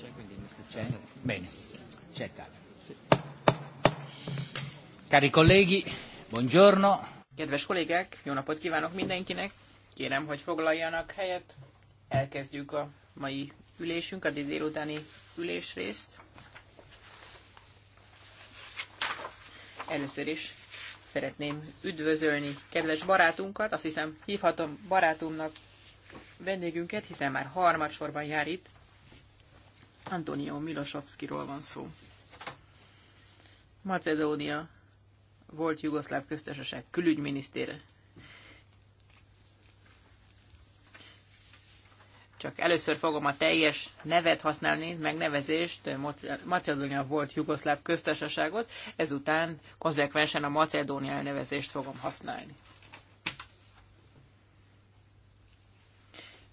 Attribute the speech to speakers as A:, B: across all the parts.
A: c'è, quindi c'è. Bene, c'è Cari colleghi, buongiorno. Kedves kollégák, jó napot kívánok mindenkinek. Kérem, hogy foglaljanak helyet. Elkezdjük a mai ülésünk, a délutáni ülésrészt. Először is szeretném üdvözölni kedves barátunkat, azt hiszem hívhatom barátomnak vendégünket, hiszen már harmadsorban jár itt. Antonio Milosovskiról van szó. Macedónia volt Jugoszláv köztársaság külügyminisztére. Csak először fogom a teljes nevet használni, megnevezést, Macedónia volt Jugoszláv köztársaságot, ezután konzekvensen a Macedónia elnevezést fogom használni.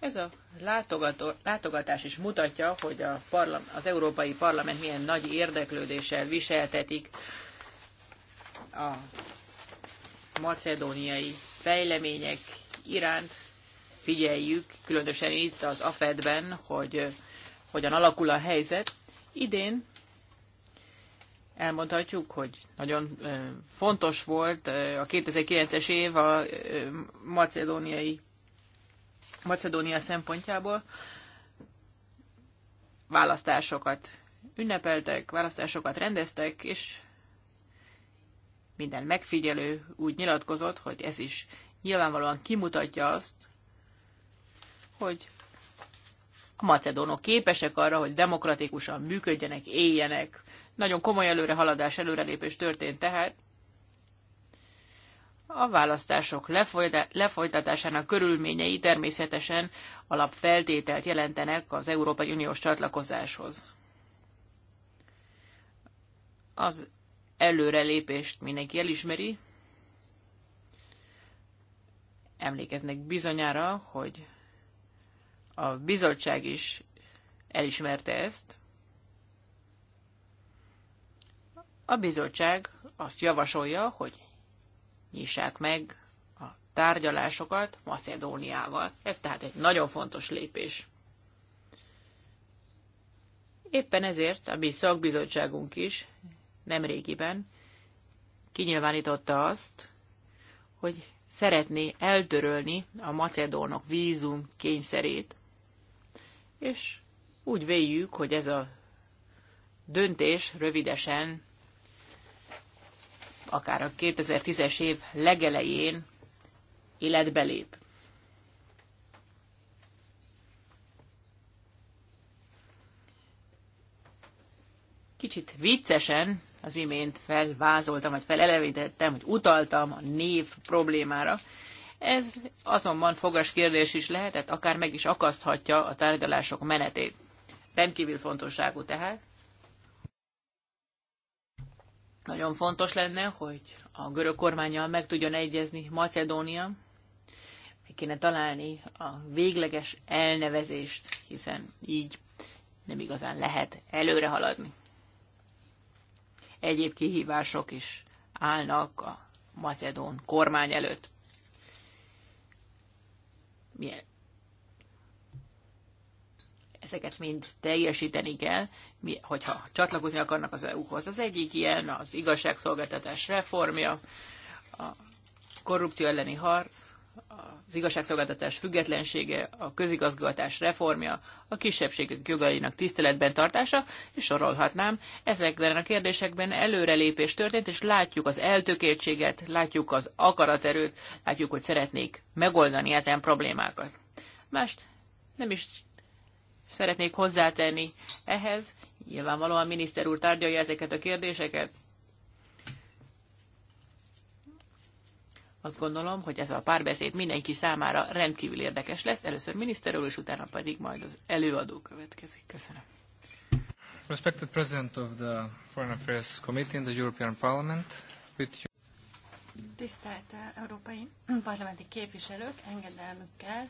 A: Ez a látogató, látogatás is mutatja, hogy a parla, az Európai Parlament milyen nagy érdeklődéssel viseltetik a macedóniai fejlemények iránt. Figyeljük, különösen itt az AFED-ben, hogy hogyan alakul a helyzet. Idén elmondhatjuk, hogy nagyon fontos volt a 2009-es év a macedóniai Macedónia szempontjából választásokat ünnepeltek, választásokat rendeztek, és minden megfigyelő úgy nyilatkozott, hogy ez is nyilvánvalóan kimutatja azt, hogy a macedónok képesek arra, hogy demokratikusan működjenek, éljenek. Nagyon komoly előrehaladás, előrelépés történt tehát, a választások lefolytatásának körülményei természetesen alapfeltételt jelentenek az Európai Uniós csatlakozáshoz. Az előrelépést mindenki elismeri. Emlékeznek bizonyára, hogy a bizottság is elismerte ezt. A bizottság azt javasolja, hogy nyissák meg a tárgyalásokat Macedóniával. Ez tehát egy nagyon fontos lépés. Éppen ezért a mi szakbizottságunk is nemrégiben kinyilvánította azt, hogy szeretné eltörölni a macedónok vízum kényszerét, és úgy véljük, hogy ez a döntés rövidesen akár a 2010-es év legelején életbe lép. Kicsit viccesen az imént felvázoltam, vagy felelevítettem, hogy utaltam a név problémára. Ez azonban fogas kérdés is lehetett, akár meg is akaszthatja a tárgyalások menetét. Rendkívül fontosságú tehát,
B: nagyon fontos
A: lenne, hogy a görög kormányjal meg tudjon egyezni Macedónia, meg kéne találni a végleges elnevezést, hiszen így nem igazán lehet előre haladni. Egyéb kihívások is állnak a macedón kormány előtt. Milyen? Ezeket mind teljesíteni kell, hogyha csatlakozni akarnak az EU-hoz. Az egyik ilyen az igazságszolgáltatás reformja, a korrupció elleni harc, az igazságszolgáltatás függetlensége, a közigazgatás reformja, a kisebbségek jogainak tiszteletben tartása, és sorolhatnám, ezekben a kérdésekben előrelépés történt, és látjuk az eltökéltséget, látjuk az akaraterőt, látjuk, hogy szeretnék megoldani ezen problémákat. Mást nem is szeretnék hozzátenni ehhez. Nyilvánvalóan miniszter úr tárgyalja ezeket a kérdéseket. Azt gondolom, hogy ez a párbeszéd mindenki számára rendkívül érdekes lesz. Először miniszter úr, és utána pedig majd az előadó következik. Köszönöm.
C: Respected President of the Foreign Affairs Committee in the European Parliament, with you.
B: Tisztelt eh, Európai mm, Parlamenti Képviselők, engedelmükkel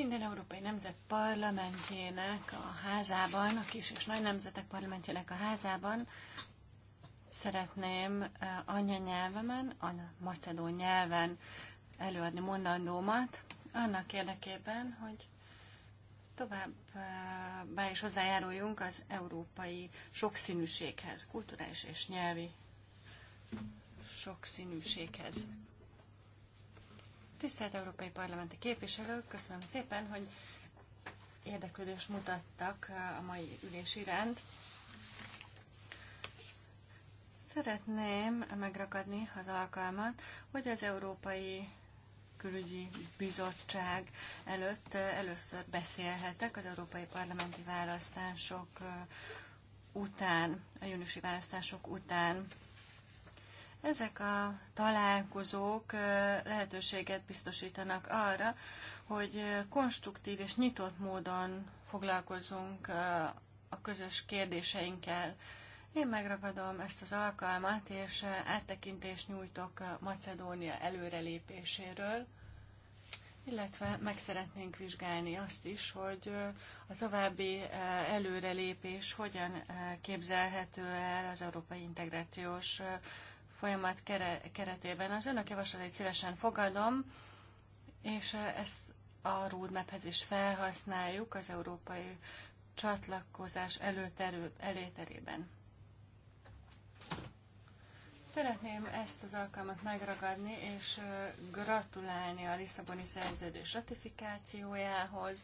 B: minden európai nemzet parlamentjének a házában, a kis és nagy nemzetek parlamentjének a házában szeretném eh, anyanyelvemen, a macedón nyelven előadni mondandómat, annak érdekében, hogy tovább is hozzájáruljunk az európai sokszínűséghez, kulturális és nyelvi sokszínűséghez. Tisztelt Európai Parlamenti képviselők, köszönöm szépen, hogy érdeklődést mutattak eh, a mai ülés iránt. Szeretném megrakadni az alkalmat, hogy az Európai Külügyi Bizottság előtt eh, először beszélhetek az európai parlamenti választások eh, után, a júniusi választások után. Ezek a találkozók lehetőséget biztosítanak arra, hogy konstruktív és nyitott módon foglalkozzunk a közös kérdéseinkkel. Én megragadom ezt az alkalmat, és áttekintést nyújtok Macedónia előrelépéséről, illetve meg szeretnénk vizsgálni azt is, hogy a további előrelépés hogyan képzelhető el az európai integrációs folyamat keretében. Az önök javaslatait szívesen fogadom, és ezt a roadmaphez is felhasználjuk az európai csatlakozás előterő, előterében. Szeretném ezt az alkalmat megragadni, és gratulálni a Lisszaboni szerződés ratifikációjához.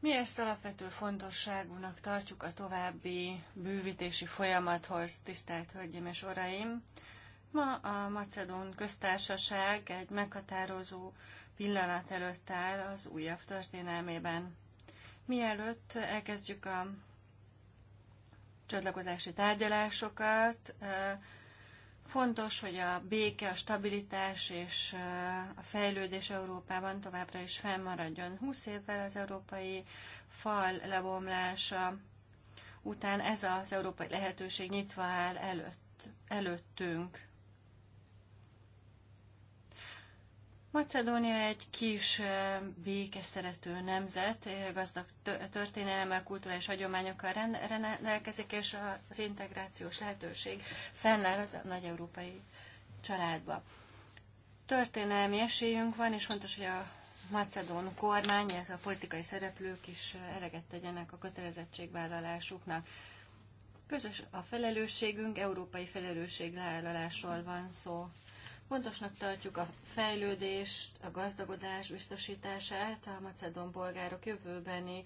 B: Mi ezt alapvető fontosságúnak tartjuk a további bővítési folyamathoz, tisztelt Hölgyeim és Uraim. Ma a Macedón köztársaság egy meghatározó pillanat előtt áll az újabb történelmében. Mielőtt elkezdjük a csatlakozási tárgyalásokat, Fontos, hogy a béke, a stabilitás és a fejlődés Európában továbbra is fennmaradjon. 20 évvel az európai fal lebomlása után ez az európai lehetőség nyitva áll előtt, előttünk. Macedónia egy kis békeszerető nemzet, gazdag történelemmel, kulturális hagyományokkal rendelkezik, és az integrációs lehetőség fennáll az nagy európai családba. Történelmi esélyünk van, és fontos, hogy a macedón kormány, illetve a politikai szereplők is eleget tegyenek a kötelezettségvállalásuknak. Közös a felelősségünk, európai felelősségvállalásról van szó. Fontosnak tartjuk a fejlődést, a gazdagodás biztosítását a macedon bolgárok jövőbeni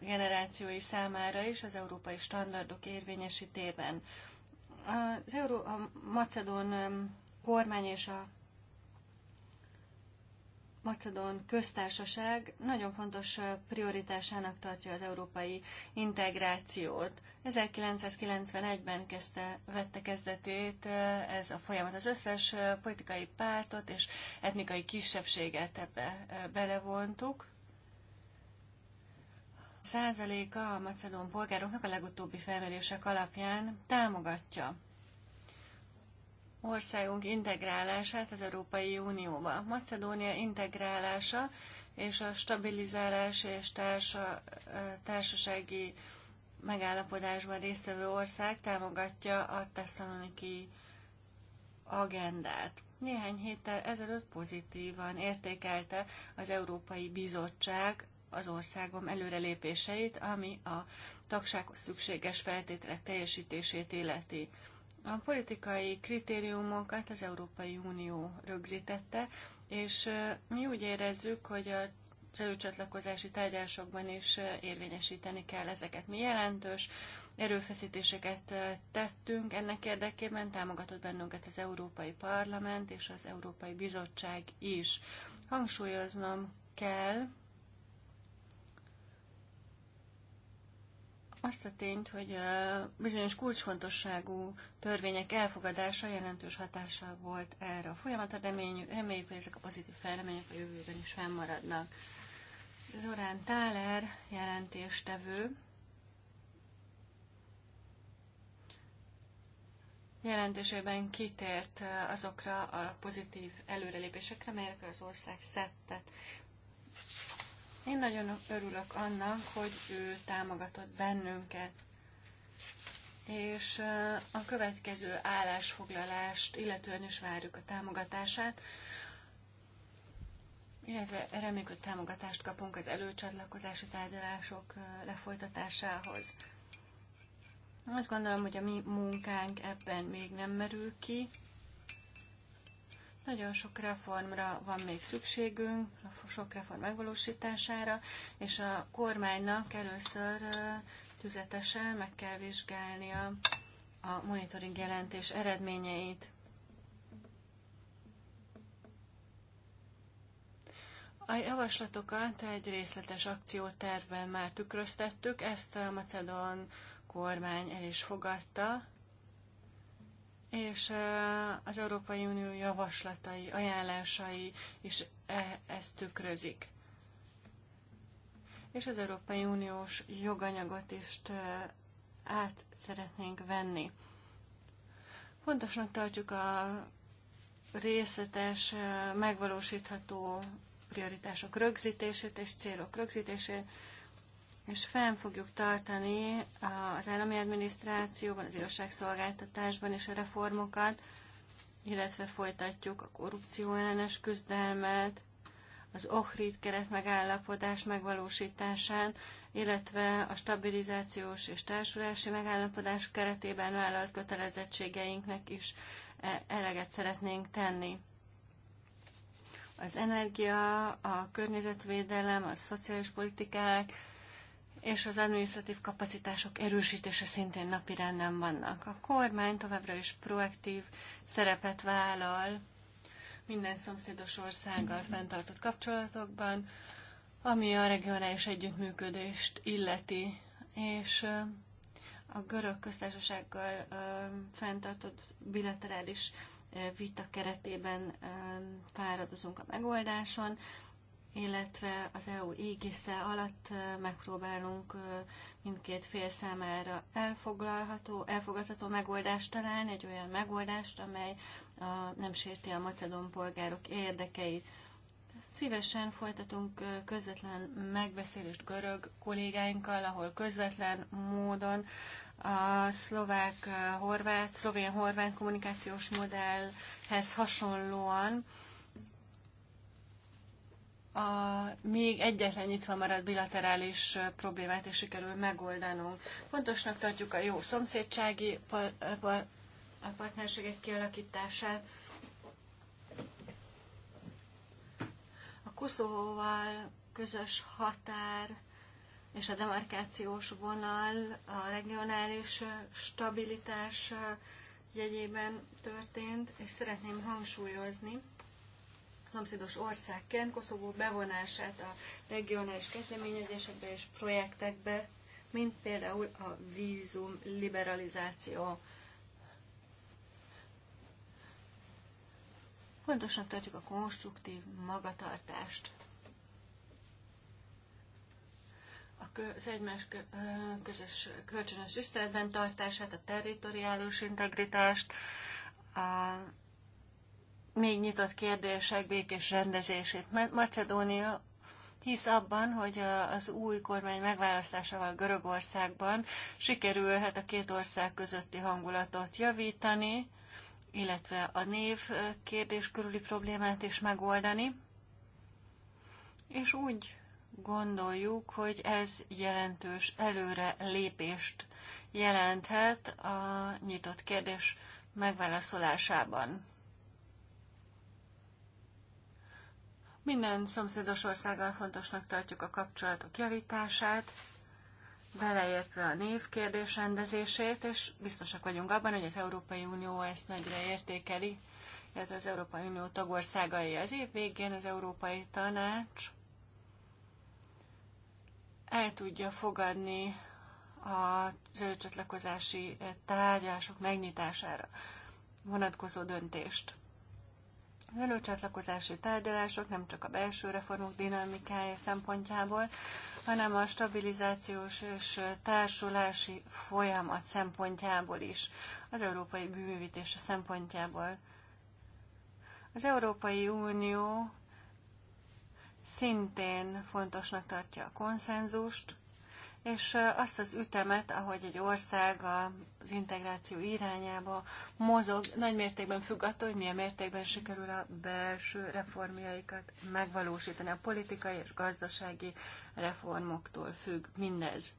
B: generációi számára is az európai standardok érvényesítében. Az Euró, a macedon kormány és a Macedon köztársaság nagyon fontos prioritásának tartja az európai integrációt. 1991-ben kezdte, vette kezdetét ez a folyamat. Az összes politikai pártot és etnikai kisebbséget ebbe belevontuk. Százaléka a macedón polgároknak a legutóbbi felmérések alapján támogatja országunk integrálását az Európai Unióba. Macedónia integrálása és a stabilizálás és társa, társasági megállapodásban résztvevő ország támogatja a tesszaloniki agendát. Néhány héttel ezelőtt pozitívan értékelte az Európai Bizottság az országom előrelépéseit, ami a tagsághoz szükséges feltételek teljesítését illeti. A politikai kritériumokat az Európai Unió rögzítette, és mi úgy érezzük, hogy a előcsatlakozási tárgyalásokban is érvényesíteni kell ezeket. Mi jelentős erőfeszítéseket tettünk ennek érdekében, támogatott bennünket az Európai Parlament és az Európai Bizottság is. Hangsúlyoznom kell, azt a tényt, hogy bizonyos kulcsfontosságú törvények elfogadása jelentős hatással volt erre a folyamatra, reméljük, reméljük hogy ezek a pozitív fejlemények a jövőben is fennmaradnak. Zorán Táler jelentéstevő jelentésében kitért azokra a pozitív előrelépésekre, melyekre az ország szettet. Én nagyon örülök annak, hogy ő támogatott bennünket. És a következő állásfoglalást, illetően is várjuk a támogatását, illetve reméljük, hogy támogatást kapunk az előcsatlakozási tárgyalások lefolytatásához. Azt gondolom, hogy a mi munkánk ebben még nem merül ki, nagyon sok reformra van még szükségünk, sok reform megvalósítására, és a kormánynak először tüzetesen meg kell vizsgálnia a monitoring jelentés eredményeit. A javaslatokat egy részletes akciótervben már tükröztettük, ezt a Macedon kormány el is fogadta, és az Európai Unió javaslatai, ajánlásai is e ezt tükrözik. És az Európai Uniós joganyagot is át szeretnénk venni. Fontosnak tartjuk a részletes, megvalósítható prioritások rögzítését és célok rögzítését, és fenn fogjuk tartani az állami adminisztrációban, az igazságszolgáltatásban és a reformokat, illetve folytatjuk a korrupció ellenes küzdelmet, az Ohrid keret megállapodás megvalósításán, illetve a stabilizációs és társulási megállapodás keretében vállalt kötelezettségeinknek is e, eleget szeretnénk tenni. Az energia, a környezetvédelem, a szociális politikák, és az administratív kapacitások erősítése szintén napirenden vannak. A kormány továbbra is proaktív szerepet vállal minden szomszédos országgal fenntartott kapcsolatokban, ami a regionális együttműködést illeti, és a görög köztársasággal fenntartott bilaterális vita keretében fáradozunk a megoldáson, illetve az EU égisze alatt megpróbálunk mindkét fél számára elfoglalható, elfogadható megoldást találni, egy olyan megoldást, amely a, nem sérti a macedon polgárok érdekeit. Szívesen folytatunk közvetlen megbeszélést görög kollégáinkkal, ahol közvetlen módon a szlovák-horvát, szlovén-horvát kommunikációs modellhez hasonlóan a még egyetlen nyitva maradt bilaterális problémát is sikerül megoldanunk. Fontosnak tartjuk a jó szomszédsági a partnerségek kialakítását. A kuszóval közös határ és a demarkációs vonal a regionális stabilitás jegyében történt, és szeretném hangsúlyozni, szomszédos országként Koszovó bevonását a regionális kezdeményezésekbe és projektekbe, mint például a vízum liberalizáció. Fontosnak tartjuk a konstruktív magatartást. az egymás közös kölcsönös tiszteletben tartását, a territoriális integritást, a még nyitott kérdések békés rendezését. Macedónia hisz abban, hogy az új kormány megválasztásával Görögországban sikerülhet a két ország közötti hangulatot javítani, illetve a név kérdés körüli problémát is megoldani. És úgy gondoljuk, hogy ez jelentős előre lépést jelenthet a nyitott kérdés megválaszolásában. Minden szomszédos országgal fontosnak tartjuk a kapcsolatok javítását, beleértve a névkérdés rendezését, és biztosak vagyunk abban, hogy az Európai Unió ezt nagyra értékeli, illetve az Európai Unió tagországai az év végén az Európai Tanács el tudja fogadni a előcsatlakozási tárgyalások megnyitására vonatkozó döntést előcsatlakozási tárgyalások nem csak a belső reformok dinamikája szempontjából, hanem a stabilizációs és társulási folyamat szempontjából is, az európai bűvítése szempontjából. Az Európai Unió szintén fontosnak tartja a konszenzust, és azt az ütemet, ahogy egy ország az integráció irányába mozog, nagy mértékben függ attól, hogy milyen mértékben sikerül a belső reformjaikat megvalósítani. A politikai és gazdasági reformoktól függ mindez.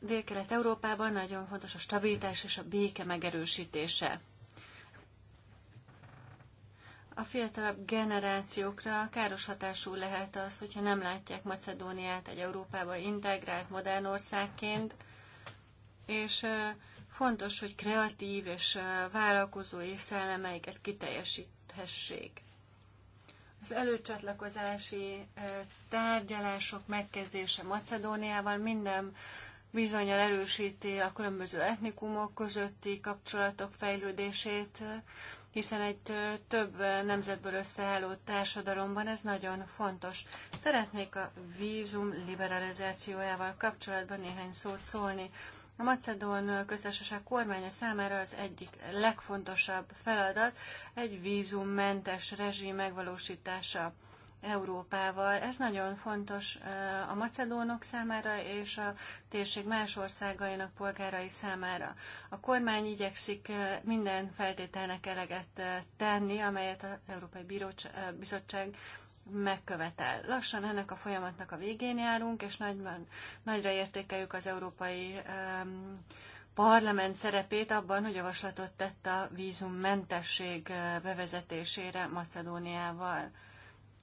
B: Dél-Kelet-Európában nagyon fontos a stabilitás és a béke megerősítése a fiatalabb generációkra káros hatású lehet az, hogyha nem látják Macedóniát egy Európába integrált modern országként, és fontos, hogy kreatív és vállalkozói szellemeiket kiteljesíthessék. Az előcsatlakozási tárgyalások megkezdése Macedóniával minden bizonyal erősíti a különböző etnikumok közötti kapcsolatok fejlődését, hiszen egy több nemzetből összeálló társadalomban ez nagyon fontos. Szeretnék a vízum liberalizációjával kapcsolatban néhány szót szólni. A Macedón köztársaság kormánya számára az egyik legfontosabb feladat egy vízummentes rezsim megvalósítása. Európával. Ez nagyon fontos a macedónok számára és a térség más országainak polgárai számára. A kormány igyekszik minden feltételnek eleget tenni, amelyet az Európai Bizottság megkövetel. Lassan ennek a folyamatnak a végén járunk, és nagyban, nagyra értékeljük az Európai um, Parlament szerepét abban, hogy javaslatot tett a vízummentesség bevezetésére Macedóniával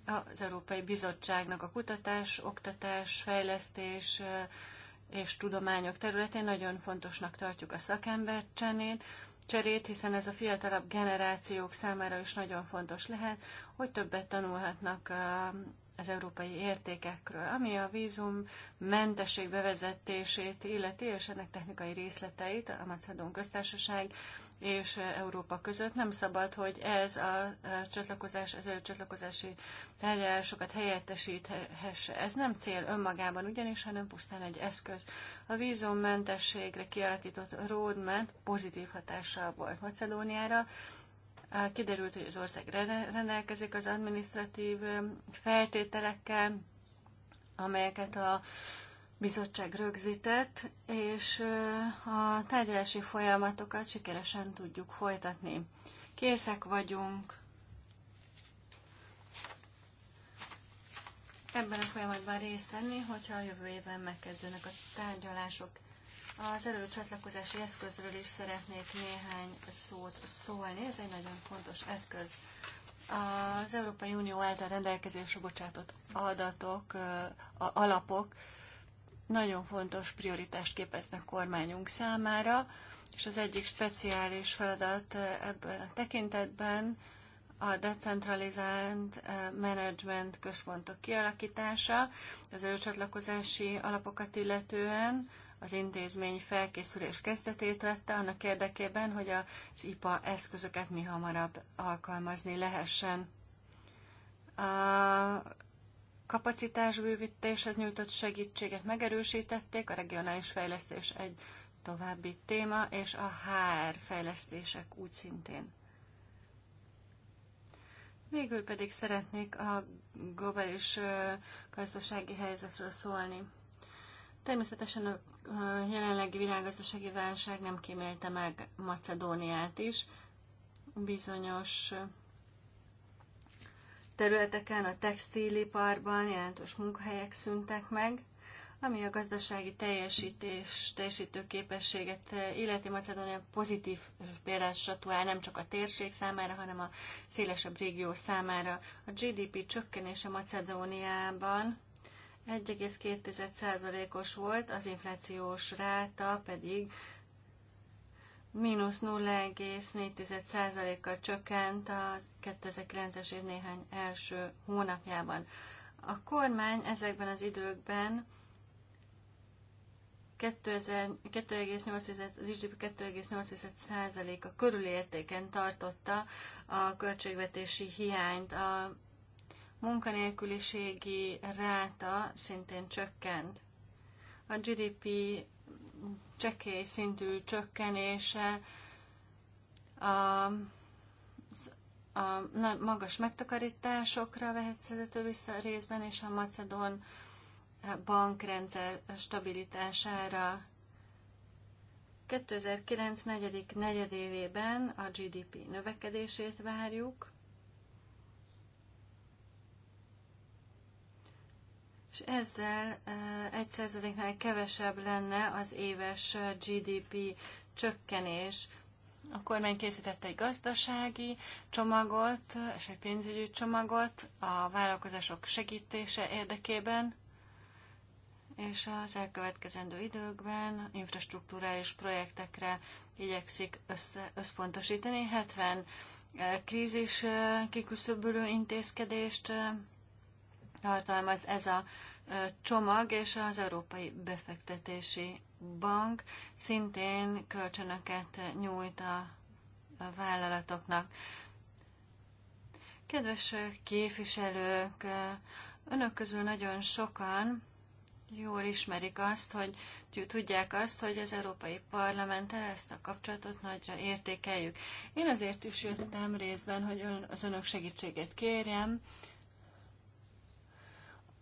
B: az Európai Bizottságnak a kutatás, oktatás, fejlesztés és tudományok területén nagyon fontosnak tartjuk a szakember csenét, cserét, hiszen ez a fiatalabb generációk számára is nagyon fontos lehet, hogy többet tanulhatnak az európai értékekről, ami a vízum mentesség bevezetését illeti, és ennek technikai részleteit a Macedón Köztársaság és Európa között. Nem szabad, hogy ez a csatlakozás, ez a csatlakozási tárgyalásokat helyettesíthesse. Ez nem cél önmagában ugyanis, hanem pusztán egy eszköz. A vízummentességre kialakított roadmap pozitív hatással volt Macedóniára, Kiderült, hogy az ország rendelkezik az administratív feltételekkel, amelyeket a bizottság rögzített, és a tárgyalási folyamatokat sikeresen tudjuk folytatni. Készek vagyunk ebben a folyamatban részt venni, hogyha a jövő évben megkezdődnek a tárgyalások. Az előcsatlakozási eszközről is szeretnék néhány szót szólni, ez egy nagyon fontos eszköz. Az Európai Unió által rendelkezésre bocsátott adatok, alapok nagyon fontos prioritást képeznek kormányunk számára, és az egyik speciális feladat eh, ebben a tekintetben a decentralizált eh, menedzsment központok kialakítása, az előcsatlakozási alapokat illetően az intézmény felkészülés kezdetét vette annak érdekében, hogy az IPA eszközöket mi hamarabb alkalmazni lehessen. A kapacitásbővítéshez nyújtott segítséget megerősítették, a regionális fejlesztés egy további téma, és a HR fejlesztések úgy szintén. Végül pedig szeretnék a globális gazdasági helyzetről szólni. Természetesen a jelenlegi világgazdasági válság nem kímélte meg Macedóniát is. Bizonyos területeken, a textiliparban jelentős munkahelyek szűntek meg, ami a gazdasági teljesítés, teljesítő képességet eh, illeti Macedónia pozitív példát statuál nem csak a térség számára, hanem a szélesebb régió számára. A GDP csökkenése Macedóniában 1,2%-os volt, az inflációs ráta pedig mínusz 0,4%-kal csökkent a 2009-es év néhány első hónapjában. A kormány ezekben az időkben 2,8, az GDP 2,8%-a értéken tartotta a költségvetési hiányt. A munkanélküliségi ráta szintén csökkent. A GDP csekély szintű csökkenése, a, a magas megtakarításokra vehetszedető vissza a részben, és a macedón bankrendszer stabilitására. 2009. negyedik negyedévében a GDP növekedését várjuk, és ezzel egy százaléknál kevesebb lenne az éves GDP csökkenés. A kormány készítette egy gazdasági csomagot és egy pénzügyi csomagot a vállalkozások segítése érdekében, és az elkövetkezendő időkben infrastruktúrális projektekre igyekszik össze, összpontosítani. 70 krízis kiküszöbölő intézkedést tartalmaz ez a csomag, és az Európai Befektetési Bank szintén kölcsönöket nyújt a vállalatoknak. Kedves képviselők, önök közül nagyon sokan jól ismerik azt, hogy tudják azt, hogy az Európai Parlamenttel ezt a kapcsolatot nagyra értékeljük. Én azért is jöttem részben, hogy ön, az önök segítségét kérjem,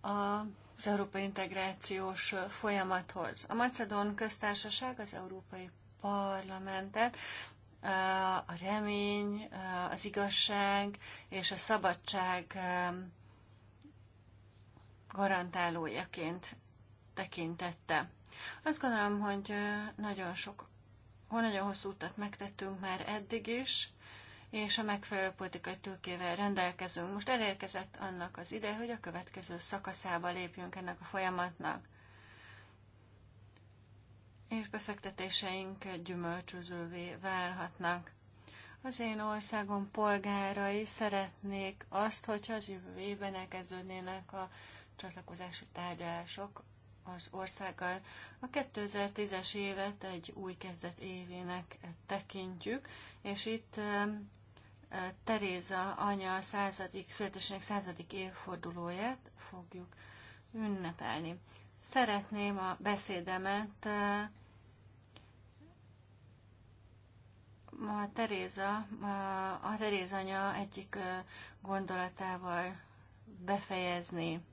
B: a az európai integrációs folyamathoz. A Macedón köztársaság az Európai Parlamentet a remény, az igazság és a szabadság garantálójaként tekintette. Azt gondolom, hogy nagyon sok, nagyon hosszú utat megtettünk már eddig is, és a megfelelő politikai tőkével rendelkezünk. Most elérkezett annak az ide, hogy a következő szakaszába lépjünk ennek a folyamatnak. És befektetéseink gyümölcsözővé válhatnak. Az én országom polgárai szeretnék azt, hogyha az jövő évben elkezdődnének a csatlakozási tárgyalások az országgal. A 2010-es évet egy új kezdet évének tekintjük, és itt Teréza anya századik, születésének századik évfordulóját fogjuk ünnepelni. Szeretném a beszédemet ma Teréza, a Teréza anya egyik gondolatával befejezni.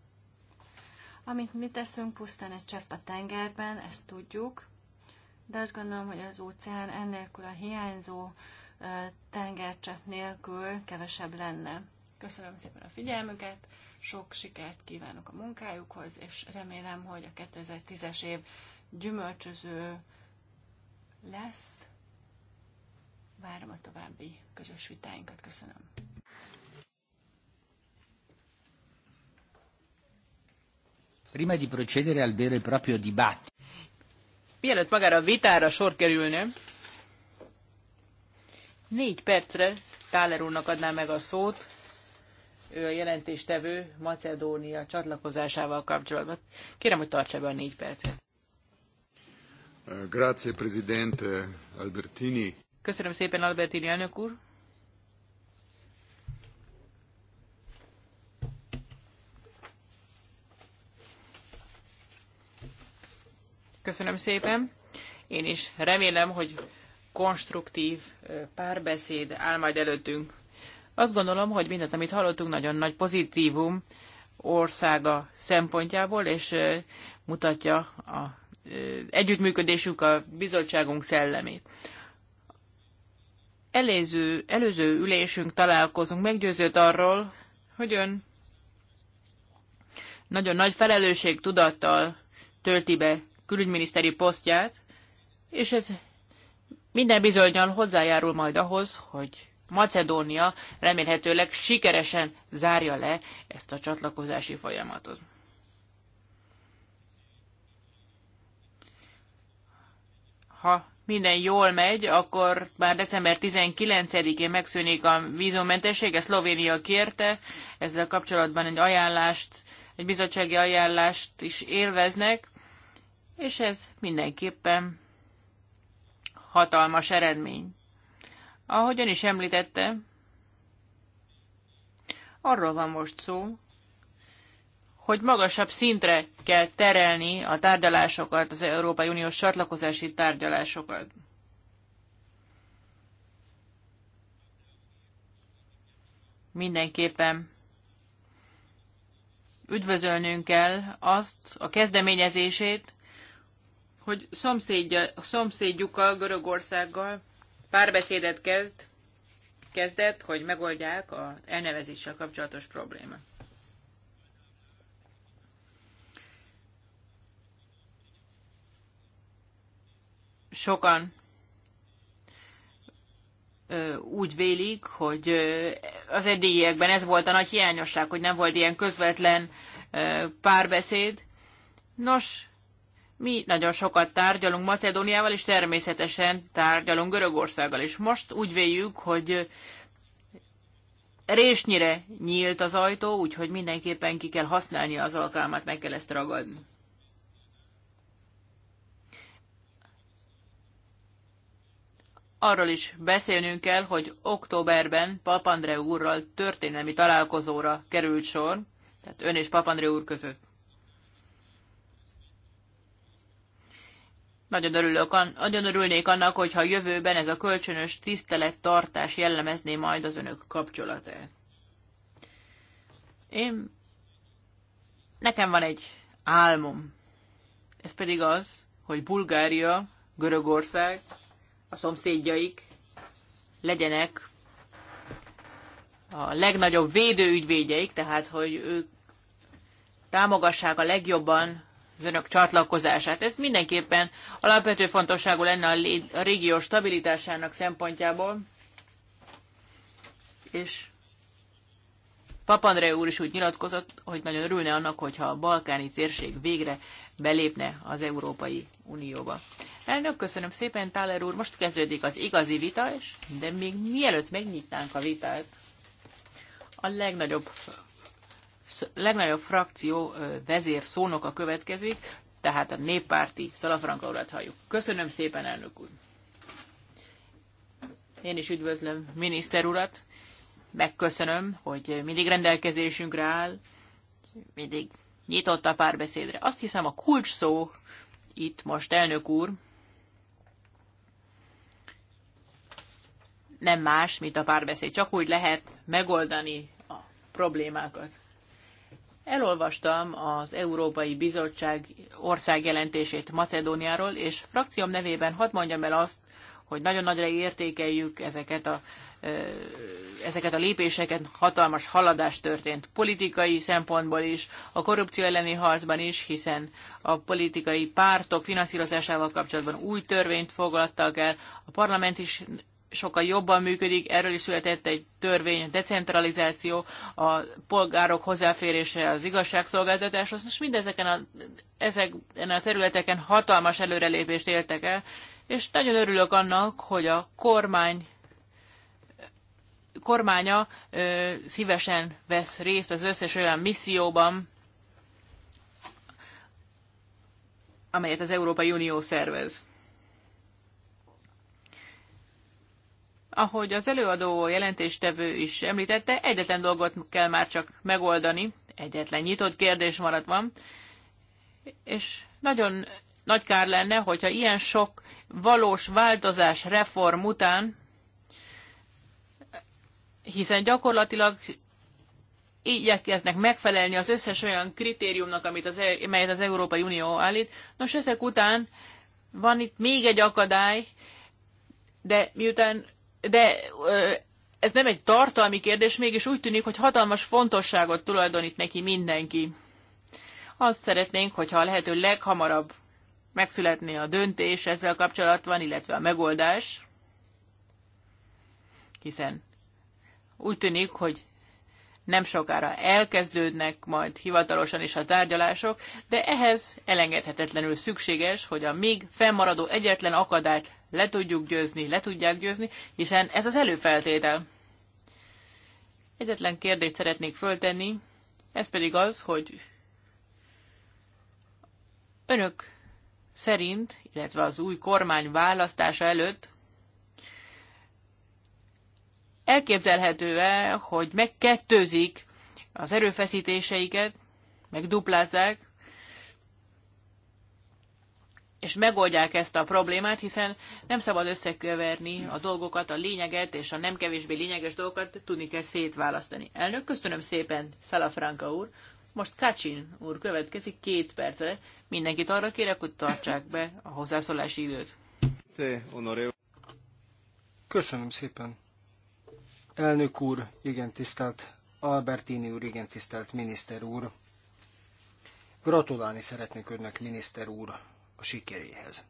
B: Amit mi teszünk, pusztán egy csepp a tengerben, ezt tudjuk, de azt gondolom, hogy az óceán ennélkül a hiányzó tengercsepp nélkül kevesebb lenne. Köszönöm szépen a figyelmüket, sok sikert kívánok a munkájukhoz, és remélem, hogy a 2010-es év gyümölcsöző lesz. Várom a további közös vitáinkat. Köszönöm.
C: Prima di procedere al vero e proprio dibattito.
A: Mielőtt magára a vitára sor kerülne, Négy percre Táler úrnak adná meg a szót, ő a jelentéstevő Macedónia csatlakozásával kapcsolatban. Kérem, hogy tartsa be a négy percet. Grazie, President eh, Albertini. Köszönöm szépen, Albertini elnök úr. Köszönöm szépen. Én is remélem, hogy konstruktív párbeszéd áll majd előttünk. Azt gondolom, hogy mindaz, amit hallottunk, nagyon nagy pozitívum országa szempontjából, és mutatja a együttműködésünk a bizottságunk szellemét. Előző, előző ülésünk találkozunk meggyőződ arról, hogy ön nagyon nagy felelősség tudattal tölti be külügyminiszteri posztját, és ez minden bizonyal hozzájárul majd ahhoz, hogy Macedónia remélhetőleg sikeresen zárja le ezt a csatlakozási folyamatot. Ha minden jól megy, akkor már december 19-én megszűnik a vízummentesség, ezt Szlovénia kérte, ezzel kapcsolatban egy ajánlást, egy bizottsági ajánlást is élveznek, és ez mindenképpen hatalmas eredmény. Ahogy ön is említette, arról van most szó, hogy magasabb szintre kell terelni a tárgyalásokat, az Európai Uniós csatlakozási tárgyalásokat. Mindenképpen üdvözölnünk kell azt a kezdeményezését, hogy szomszédja, szomszédjukkal, Görögországgal párbeszédet kezd, kezdett, hogy megoldják az elnevezéssel kapcsolatos probléma. Sokan úgy vélik, hogy az eddigiekben ez volt a nagy hiányosság, hogy nem volt ilyen közvetlen párbeszéd. Nos, mi nagyon sokat tárgyalunk Macedóniával, és természetesen tárgyalunk Görögországgal is. Most úgy véljük, hogy résnyire nyílt az ajtó, úgyhogy mindenképpen ki kell használni az alkalmat, meg kell ezt ragadni. Arról is beszélnünk kell, hogy októberben Papandre úrral történelmi találkozóra került sor, tehát ön és Papandre úr között. Nagyon, örülök, nagyon örülnék annak, hogyha a jövőben ez a kölcsönös tisztelettartás jellemezné majd az önök kapcsolatát. Én... Nekem van egy álmom. Ez pedig az, hogy Bulgária, Görögország, a szomszédjaik legyenek a legnagyobb védőügyvédjeik, tehát hogy ők támogassák a legjobban az önök csatlakozását. Ez mindenképpen alapvető fontosságú lenne a régió stabilitásának szempontjából. És Papandreou úr is úgy nyilatkozott, hogy nagyon örülne annak, hogyha a balkáni térség végre belépne az Európai Unióba. Elnök, köszönöm szépen, Táler úr. Most kezdődik az igazi vita, és de még mielőtt megnyitnánk a vitát, a legnagyobb legnagyobb frakció vezér szónoka következik, tehát a néppárti Szalafranka urat halljuk. Köszönöm szépen, elnök úr! Én is üdvözlöm miniszter urat, megköszönöm, hogy mindig rendelkezésünkre áll, mindig nyitott a párbeszédre. Azt hiszem a kulcs szó itt most, elnök úr, nem más, mint a párbeszéd. Csak úgy lehet megoldani a problémákat. Elolvastam az Európai Bizottság országjelentését Macedóniáról, és frakcióm nevében hadd mondjam el azt, hogy nagyon nagyra értékeljük ezeket a, ezeket a lépéseket, hatalmas haladás történt politikai szempontból is, a korrupció elleni harcban is, hiszen a politikai pártok finanszírozásával kapcsolatban új törvényt fogadtak el, a parlament is sokkal jobban működik, erről is született egy törvény, a decentralizáció, a polgárok hozzáférése az igazságszolgáltatáshoz. Most mindezeken a, ezeken a területeken hatalmas előrelépést éltek el, és nagyon örülök annak, hogy a kormány kormánya ö, szívesen vesz részt az összes olyan misszióban, amelyet az Európai Unió szervez. Ahogy az előadó jelentéstevő is említette, egyetlen dolgot kell már csak megoldani, egyetlen nyitott kérdés maradt van, és nagyon nagy kár lenne, hogyha ilyen sok valós változás, reform után, hiszen gyakorlatilag igyekeznek megfelelni az összes olyan kritériumnak, amit az, e- melyet az Európai Unió állít. Nos, ezek után van itt még egy akadály, de miután de ez nem egy tartalmi kérdés, mégis úgy tűnik, hogy hatalmas fontosságot tulajdonít neki mindenki. Azt szeretnénk, hogyha a lehető leghamarabb megszületné a döntés ezzel kapcsolatban, illetve a megoldás, hiszen úgy tűnik, hogy nem sokára elkezdődnek majd hivatalosan is a tárgyalások, de ehhez elengedhetetlenül szükséges, hogy a még fennmaradó egyetlen akadályt le tudjuk győzni, le tudják győzni, hiszen ez az előfeltétel. Egyetlen kérdést szeretnék föltenni, ez pedig az, hogy önök szerint, illetve az új kormány választása előtt Elképzelhető-e, hogy megkettőzik az erőfeszítéseiket, megduplázzák, és megoldják ezt a problémát, hiszen nem szabad összekeverni a dolgokat, a lényeget és a nem kevésbé lényeges dolgokat tudni kell szétválasztani. Elnök, köszönöm szépen, Szalafranka úr. Most Kacsin úr következik két percre. Mindenkit arra kérek, hogy tartsák be a hozzászólási időt.
C: Köszönöm szépen, Elnök úr, igen tisztelt Albertini úr, igen tisztelt miniszter úr. Gratulálni szeretnék önnek, miniszter úr, a sikeréhez.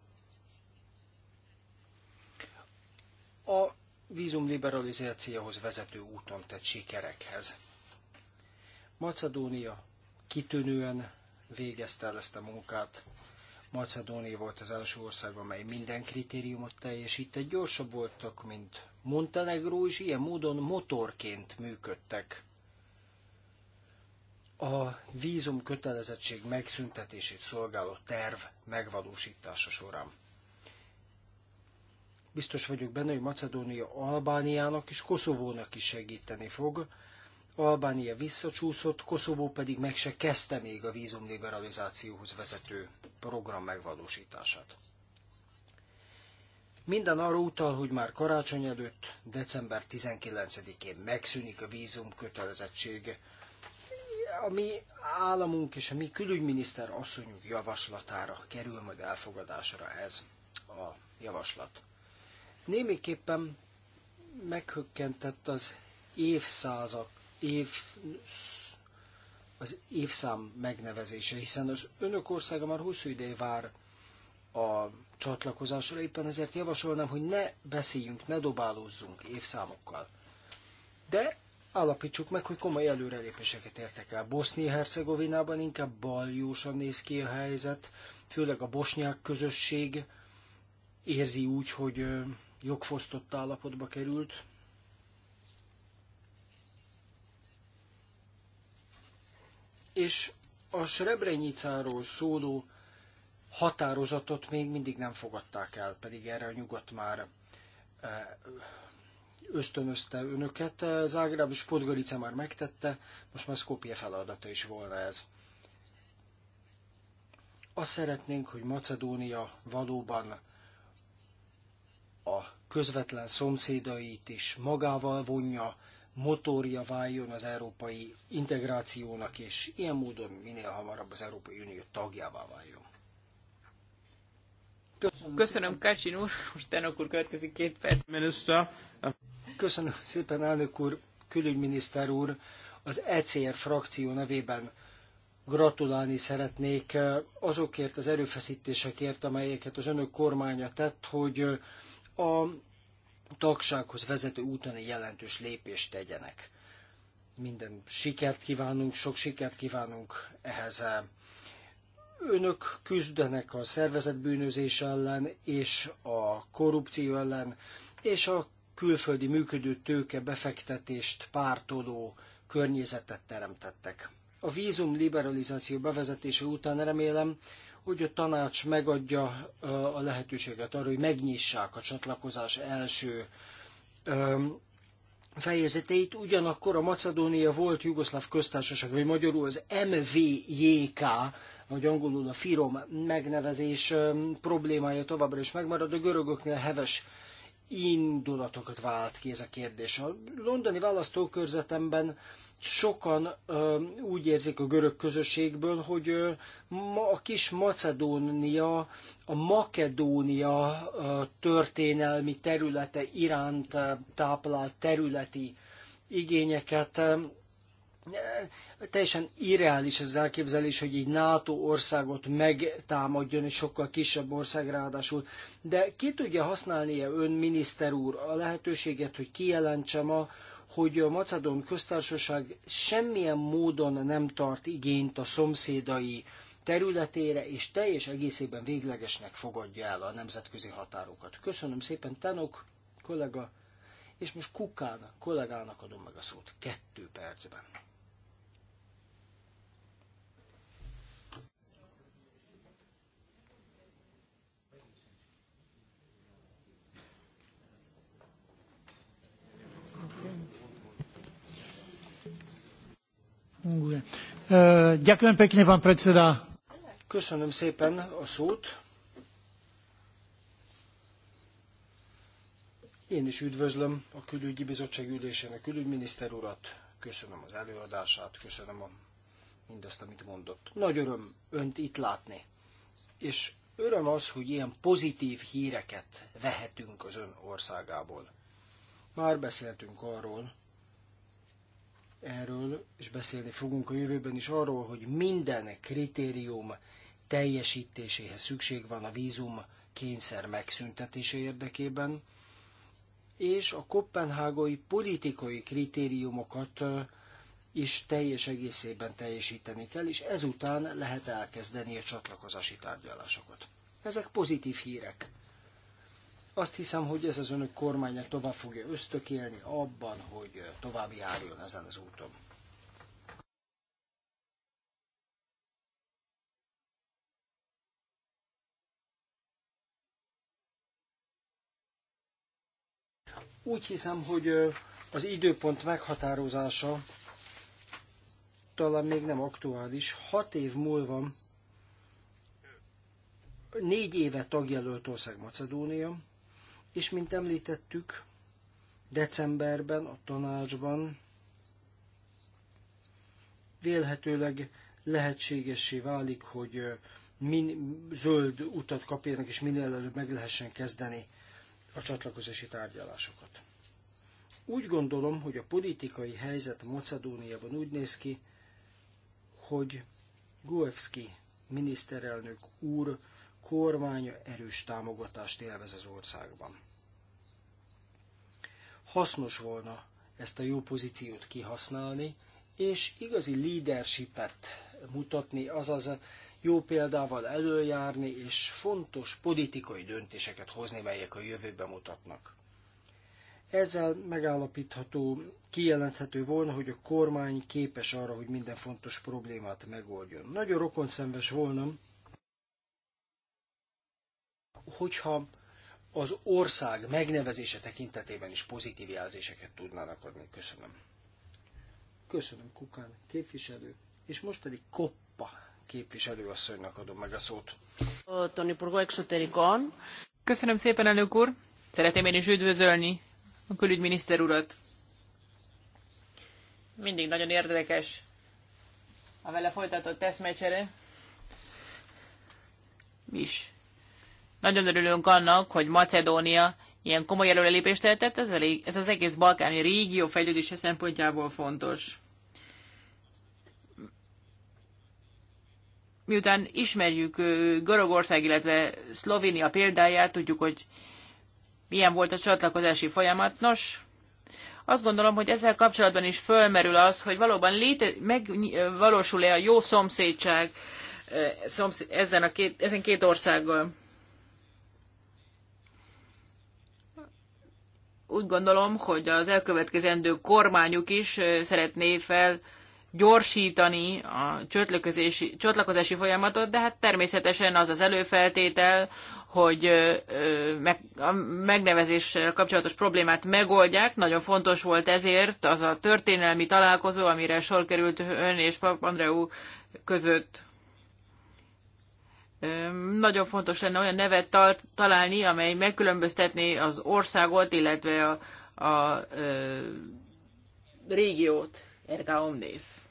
C: A vízumliberalizációhoz vezető úton tett sikerekhez. Macedónia kitűnően végezte el ezt a munkát. Macedónia volt az első ország, amely minden kritériumot teljesített. Gyorsabb voltak, mint Montenegró is ilyen módon motorként működtek a vízum kötelezettség megszüntetését szolgáló terv megvalósítása során. Biztos vagyok benne, hogy Macedónia Albániának és Koszovónak is segíteni fog. Albánia visszacsúszott, Koszovó pedig meg se kezdte még a vízumliberalizációhoz vezető program megvalósítását. Minden arra utal, hogy már karácsony előtt, december 19-én megszűnik a vízum kötelezettsége. A mi államunk és a mi külügyminiszter asszonyunk javaslatára kerül majd elfogadásra ez a javaslat. Némiképpen meghökkentett az évszázak, év, az évszám megnevezése, hiszen az önök országa már hosszú ideje vár a csatlakozásra. Éppen ezért javasolnám, hogy ne beszéljünk, ne dobálózzunk évszámokkal. De állapítsuk meg, hogy komoly előrelépéseket értek el. Bosznia-Hercegovinában inkább baljósan néz ki a helyzet, főleg a bosnyák közösség érzi úgy, hogy jogfosztott állapotba került. És a Srebrenicáról szóló határozatot még mindig nem fogadták el, pedig erre a nyugat már eh, ösztönözte önöket. Eh, Zágráb és Podgorica már megtette, most már Skopje feladata is volna ez. Azt szeretnénk, hogy Macedónia valóban a közvetlen szomszédait is magával vonja, motorja váljon az európai integrációnak, és ilyen módon minél hamarabb az Európai Unió tagjává váljon.
A: Köszönöm, Köszönöm Kacsin úr. Most Tenok úr következik két perc. Minister. Köszönöm szépen, elnök úr,
C: külügyminiszter úr. Az ECR frakció nevében gratulálni szeretnék eh, azokért az erőfeszítésekért, amelyeket az önök kormánya tett, hogy eh, a tagsághoz vezető úton egy jelentős lépést tegyenek. Minden sikert kívánunk, sok sikert kívánunk ehhez eh, önök küzdenek a szervezetbűnözés ellen és a korrupció ellen, és a külföldi működő tőke befektetést pártoló környezetet teremtettek. A vízum liberalizáció bevezetése után remélem, hogy a tanács megadja a lehetőséget arra, hogy megnyissák a csatlakozás első fejezeteit, ugyanakkor a Macedónia volt Jugoszláv köztársaság, vagy magyarul az MVJK vagy angolul a firom megnevezés problémája továbbra is megmarad, a görögöknél heves indulatokat vált ki ez a kérdés. A londoni választókörzetemben sokan ö, úgy érzik a görög közösségből, hogy ö, ma a kis Macedónia, a Makedónia ö, történelmi területe iránt táplált területi igényeket teljesen irreális ez az elképzelés, hogy egy NATO országot megtámadjon egy sokkal kisebb ország ráadásul. De ki tudja használni e ön, miniszter úr, a lehetőséget, hogy kijelentse ma, hogy a Macedón köztársaság semmilyen módon nem tart igényt a szomszédai területére, és teljes egészében véglegesnek fogadja el a nemzetközi határokat. Köszönöm szépen, Tanok, kollega, és most Kukán kollégának adom meg a szót kettő percben. E, ďakujem pekne, pán predseda. Köszönöm szépen a szót. Én is üdvözlöm a külügyi bizottság ülésén a külügyminiszter urat, köszönöm az előadását, köszönöm a, mindazt, amit mondott. Nagy öröm önt itt látni, és öröm az, hogy ilyen pozitív híreket vehetünk az ön országából. Már beszéltünk arról, erről, és beszélni fogunk a jövőben is arról, hogy minden kritérium teljesítéséhez szükség van a vízum kényszer megszüntetése érdekében, és a kopenhágai politikai kritériumokat is teljes egészében teljesíteni kell, és ezután lehet elkezdeni a csatlakozási tárgyalásokat. Ezek pozitív hírek azt hiszem, hogy ez az önök kormánya tovább fogja ösztökélni abban, hogy tovább járjon ezen az úton. Úgy hiszem, hogy az időpont meghatározása talán még nem aktuális. Hat év múlva négy éve tagjelölt ország Macedónia, és mint említettük, decemberben a tanácsban vélhetőleg lehetségessé válik, hogy min, zöld utat kapjanak, és minél előbb meg lehessen kezdeni a csatlakozási tárgyalásokat. Úgy gondolom, hogy a politikai helyzet Macedóniában úgy néz ki, hogy Guevski miniszterelnök úr kormánya erős támogatást élvez az országban hasznos volna ezt a jó pozíciót kihasználni, és igazi leadershipet mutatni, azaz jó példával előjárni, és fontos politikai döntéseket hozni, melyek a jövőbe mutatnak. Ezzel megállapítható, kijelenthető volna, hogy a kormány képes arra, hogy minden fontos problémát megoldjon. Nagyon rokonszenves volna, hogyha az ország megnevezése tekintetében is pozitív jelzéseket tudnának adni. Köszönöm. Köszönöm Kukán képviselő, és most pedig Koppa asszonynak adom meg a szót.
A: Tony Purgo Köszönöm szépen, elnök úr. Szeretném én is üdvözölni a külügyminiszter urat. Mindig nagyon érdekes a vele folytatott eszmecsere. Mi is nagyon örülünk annak, hogy Macedónia ilyen komoly előrelépést tett, ez, elég, ez az egész balkáni régió fejlődése szempontjából fontos. Miután ismerjük Görögország, illetve Szlovénia példáját, tudjuk, hogy milyen volt a csatlakozási folyamat. Nos, azt gondolom, hogy ezzel kapcsolatban is fölmerül az, hogy valóban léte, megvalósul-e a jó szomszédság szomszéd, ezen, a két, ezen két országgal. úgy gondolom, hogy az elkövetkezendő kormányuk is szeretné fel gyorsítani a csatlakozási, csatlakozási folyamatot, de hát természetesen az az előfeltétel, hogy meg, a megnevezéssel kapcsolatos problémát megoldják. Nagyon fontos volt ezért az a történelmi találkozó, amire sor került ön és Pap Andreu között nagyon fontos lenne olyan nevet tal- találni, amely megkülönböztetné az országot, illetve a, a, a régiót, erga Omnész.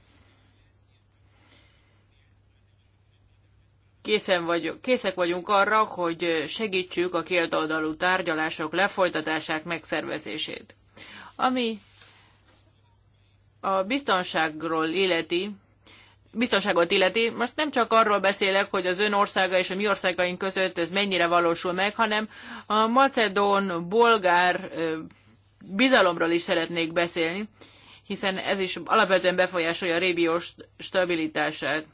A: Készen vagyunk, készek vagyunk arra, hogy segítsük a két oldalú tárgyalások lefolytatását, megszervezését. Ami a biztonságról illeti, biztonságot illeti, most nem csak arról beszélek, hogy az ön országa és a mi országaink között ez mennyire valósul meg, hanem a macedón-bolgár bizalomról is szeretnék beszélni, hiszen ez is alapvetően befolyásolja a régiós stabilitását.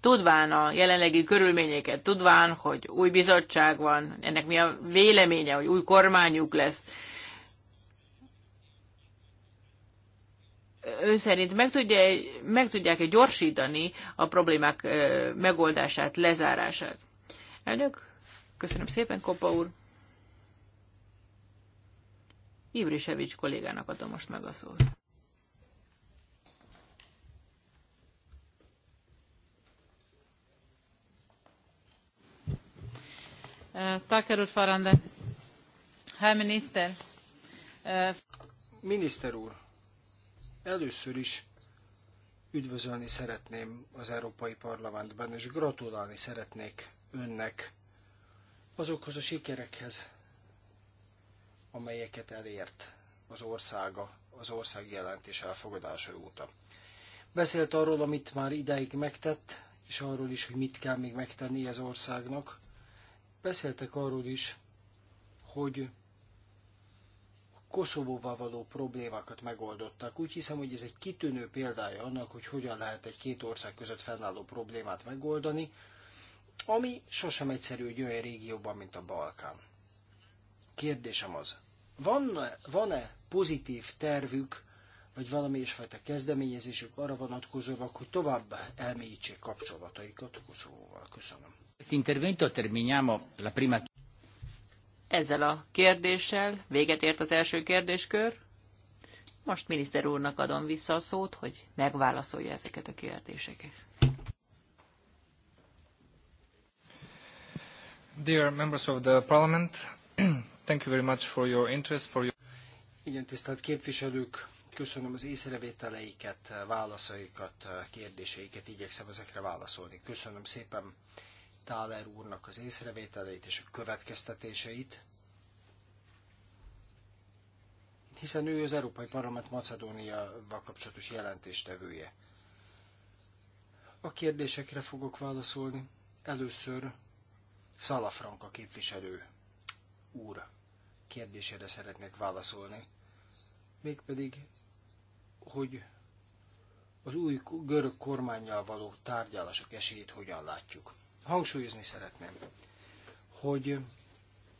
A: Tudván a jelenlegi körülményeket, tudván, hogy új bizottság van, ennek mi a véleménye, hogy új kormányuk lesz, ön szerint meg, tudja, meg tudják-e gyorsítani a problémák megoldását, lezárását? Elnök, köszönöm szépen, Kopa úr. Ivri Sevics kollégának adom most meg a szót. Taker úr, Herr Minister. Miniszter úr,
C: Először is üdvözölni szeretném az Európai Parlamentben, és gratulálni szeretnék önnek azokhoz a sikerekhez, amelyeket elért az országa, az ország jelentés elfogadása óta. Beszélt arról, amit már idáig megtett, és arról is, hogy mit kell még megtenni az országnak. Beszéltek arról is, hogy Koszovóval való problémákat megoldották. Úgy hiszem, hogy ez egy kitűnő példája annak, hogy hogyan lehet egy két ország között fennálló problémát megoldani, ami sosem egyszerű egy olyan régióban, mint a Balkán. Kérdésem az, van-e, van-e pozitív tervük, vagy valami isfajta kezdeményezésük arra vonatkozóak, hogy tovább elmélyítsék
A: kapcsolataikat Koszovóval? Köszönöm. Ezt intervento terminiamo la prima... Ezzel a kérdéssel véget ért az első kérdéskör. Most miniszter úrnak adom vissza a szót, hogy megválaszolja ezeket a kérdéseket.
C: Dear members of the parliament, thank you very much for your interest, for your... Igen, tisztelt képviselők, köszönöm az észrevételeiket, válaszaikat, kérdéseiket, igyekszem ezekre válaszolni. Köszönöm szépen Táler úrnak az észrevételeit és a következtetéseit, hiszen ő az Európai Parlament Macedóniával kapcsolatos jelentéstevője. A kérdésekre fogok válaszolni. Először Szalafranka képviselő úr kérdésére szeretnék válaszolni, mégpedig, hogy az új görög kormányjal való tárgyalások esélyét hogyan látjuk hangsúlyozni szeretném, hogy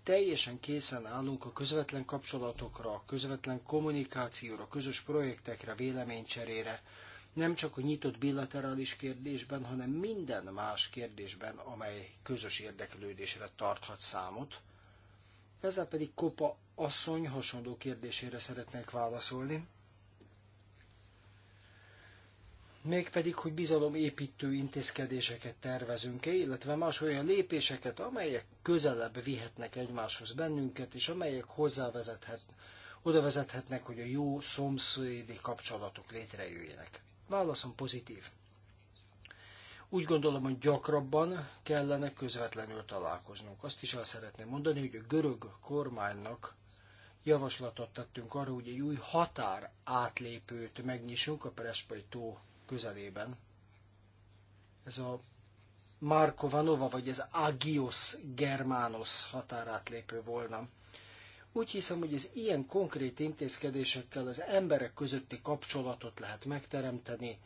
C: teljesen készen állunk a közvetlen kapcsolatokra, a közvetlen kommunikációra, közös projektekre, véleménycserére, nem csak a nyitott bilaterális kérdésben, hanem minden más kérdésben, amely közös érdeklődésre tarthat számot. Ezzel pedig Kopa asszony hasonló kérdésére szeretnék válaszolni. mégpedig, hogy bizalomépítő intézkedéseket tervezünk-e, illetve más olyan lépéseket, amelyek közelebb vihetnek egymáshoz bennünket, és amelyek hozzávezethet, oda vezethetnek, hogy a jó szomszédi kapcsolatok létrejöjjenek. Válaszom pozitív. Úgy gondolom, hogy gyakrabban kellene közvetlenül találkoznunk. Azt is el szeretném mondani, hogy a görög kormánynak javaslatot tettünk arra, hogy egy új határ átlépőt megnyissunk a Prespai tó közelében. Ez a Markova Nova, vagy ez Agios Germanos határát lépő volna. Úgy hiszem, hogy az ilyen konkrét intézkedésekkel az emberek közötti kapcsolatot lehet megteremteni,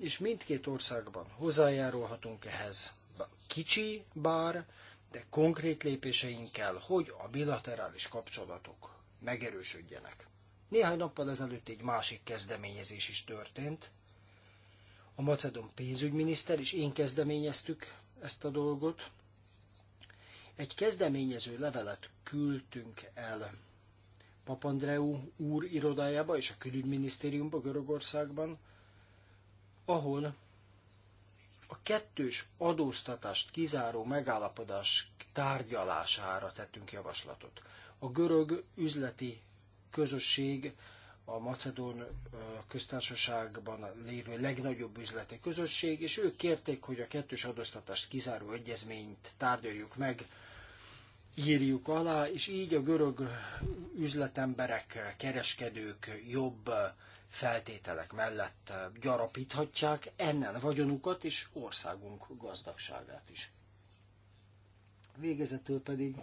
C: és mindkét országban hozzájárulhatunk ehhez. Kicsi, bár, de konkrét lépéseinkkel, hogy a bilaterális kapcsolatok megerősödjenek. Néhány nappal ezelőtt egy másik kezdeményezés is történt, a macedon pénzügyminiszter, és én kezdeményeztük ezt a dolgot. Egy kezdeményező levelet küldtünk el Papandreou úr irodájába és a külügyminisztériumba Görögországban, ahol a kettős adóztatást kizáró megállapodás tárgyalására tettünk javaslatot. A görög üzleti közösség a Macedón köztársaságban lévő legnagyobb üzleti közösség, és ők kérték, hogy a kettős adóztatást kizáró egyezményt tárgyaljuk meg, írjuk alá, és így a görög üzletemberek, kereskedők jobb feltételek mellett gyarapíthatják ennen vagyonukat és országunk gazdagságát is. Végezetül pedig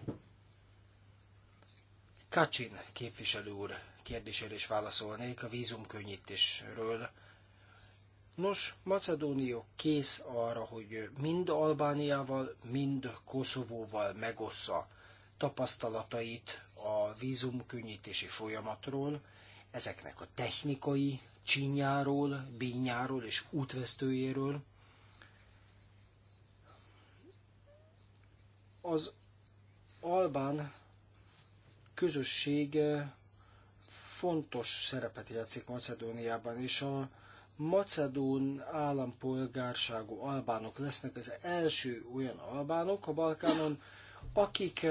C: Kacsin képviselő úr kérdésére is válaszolnék, a vízumkönnyítésről. Nos, Macedónia kész arra, hogy mind Albániával, mind Koszovóval megossza tapasztalatait a vízumkönnyítési folyamatról, ezeknek a technikai csinyáról, bínyáról és útvesztőjéről. Az albán közösség fontos szerepet játszik Macedóniában, és a macedón állampolgárságú albánok lesznek az első olyan albánok a Balkánon, akik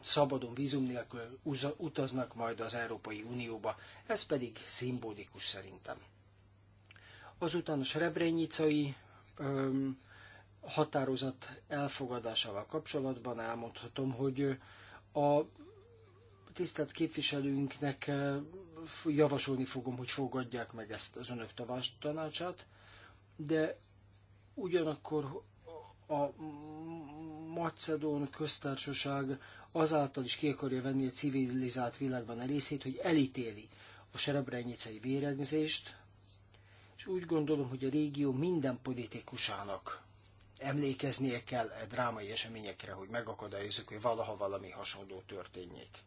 C: szabadon vízum nélkül utaznak majd az Európai Unióba. Ez pedig szimbolikus szerintem. Azután a srebrenyicai határozat elfogadásával kapcsolatban elmondhatom, hogy a tisztelt képviselőnknek javasolni fogom, hogy fogadják meg ezt az önök tanácsát, de ugyanakkor a Macedón köztársaság azáltal is ki akarja venni a civilizált világban a részét, hogy elítéli a serebrenyicei vérengzést, és úgy gondolom, hogy a régió minden politikusának emlékeznie kell e drámai eseményekre, hogy megakadályozzuk, hogy valaha valami hasonló történjék.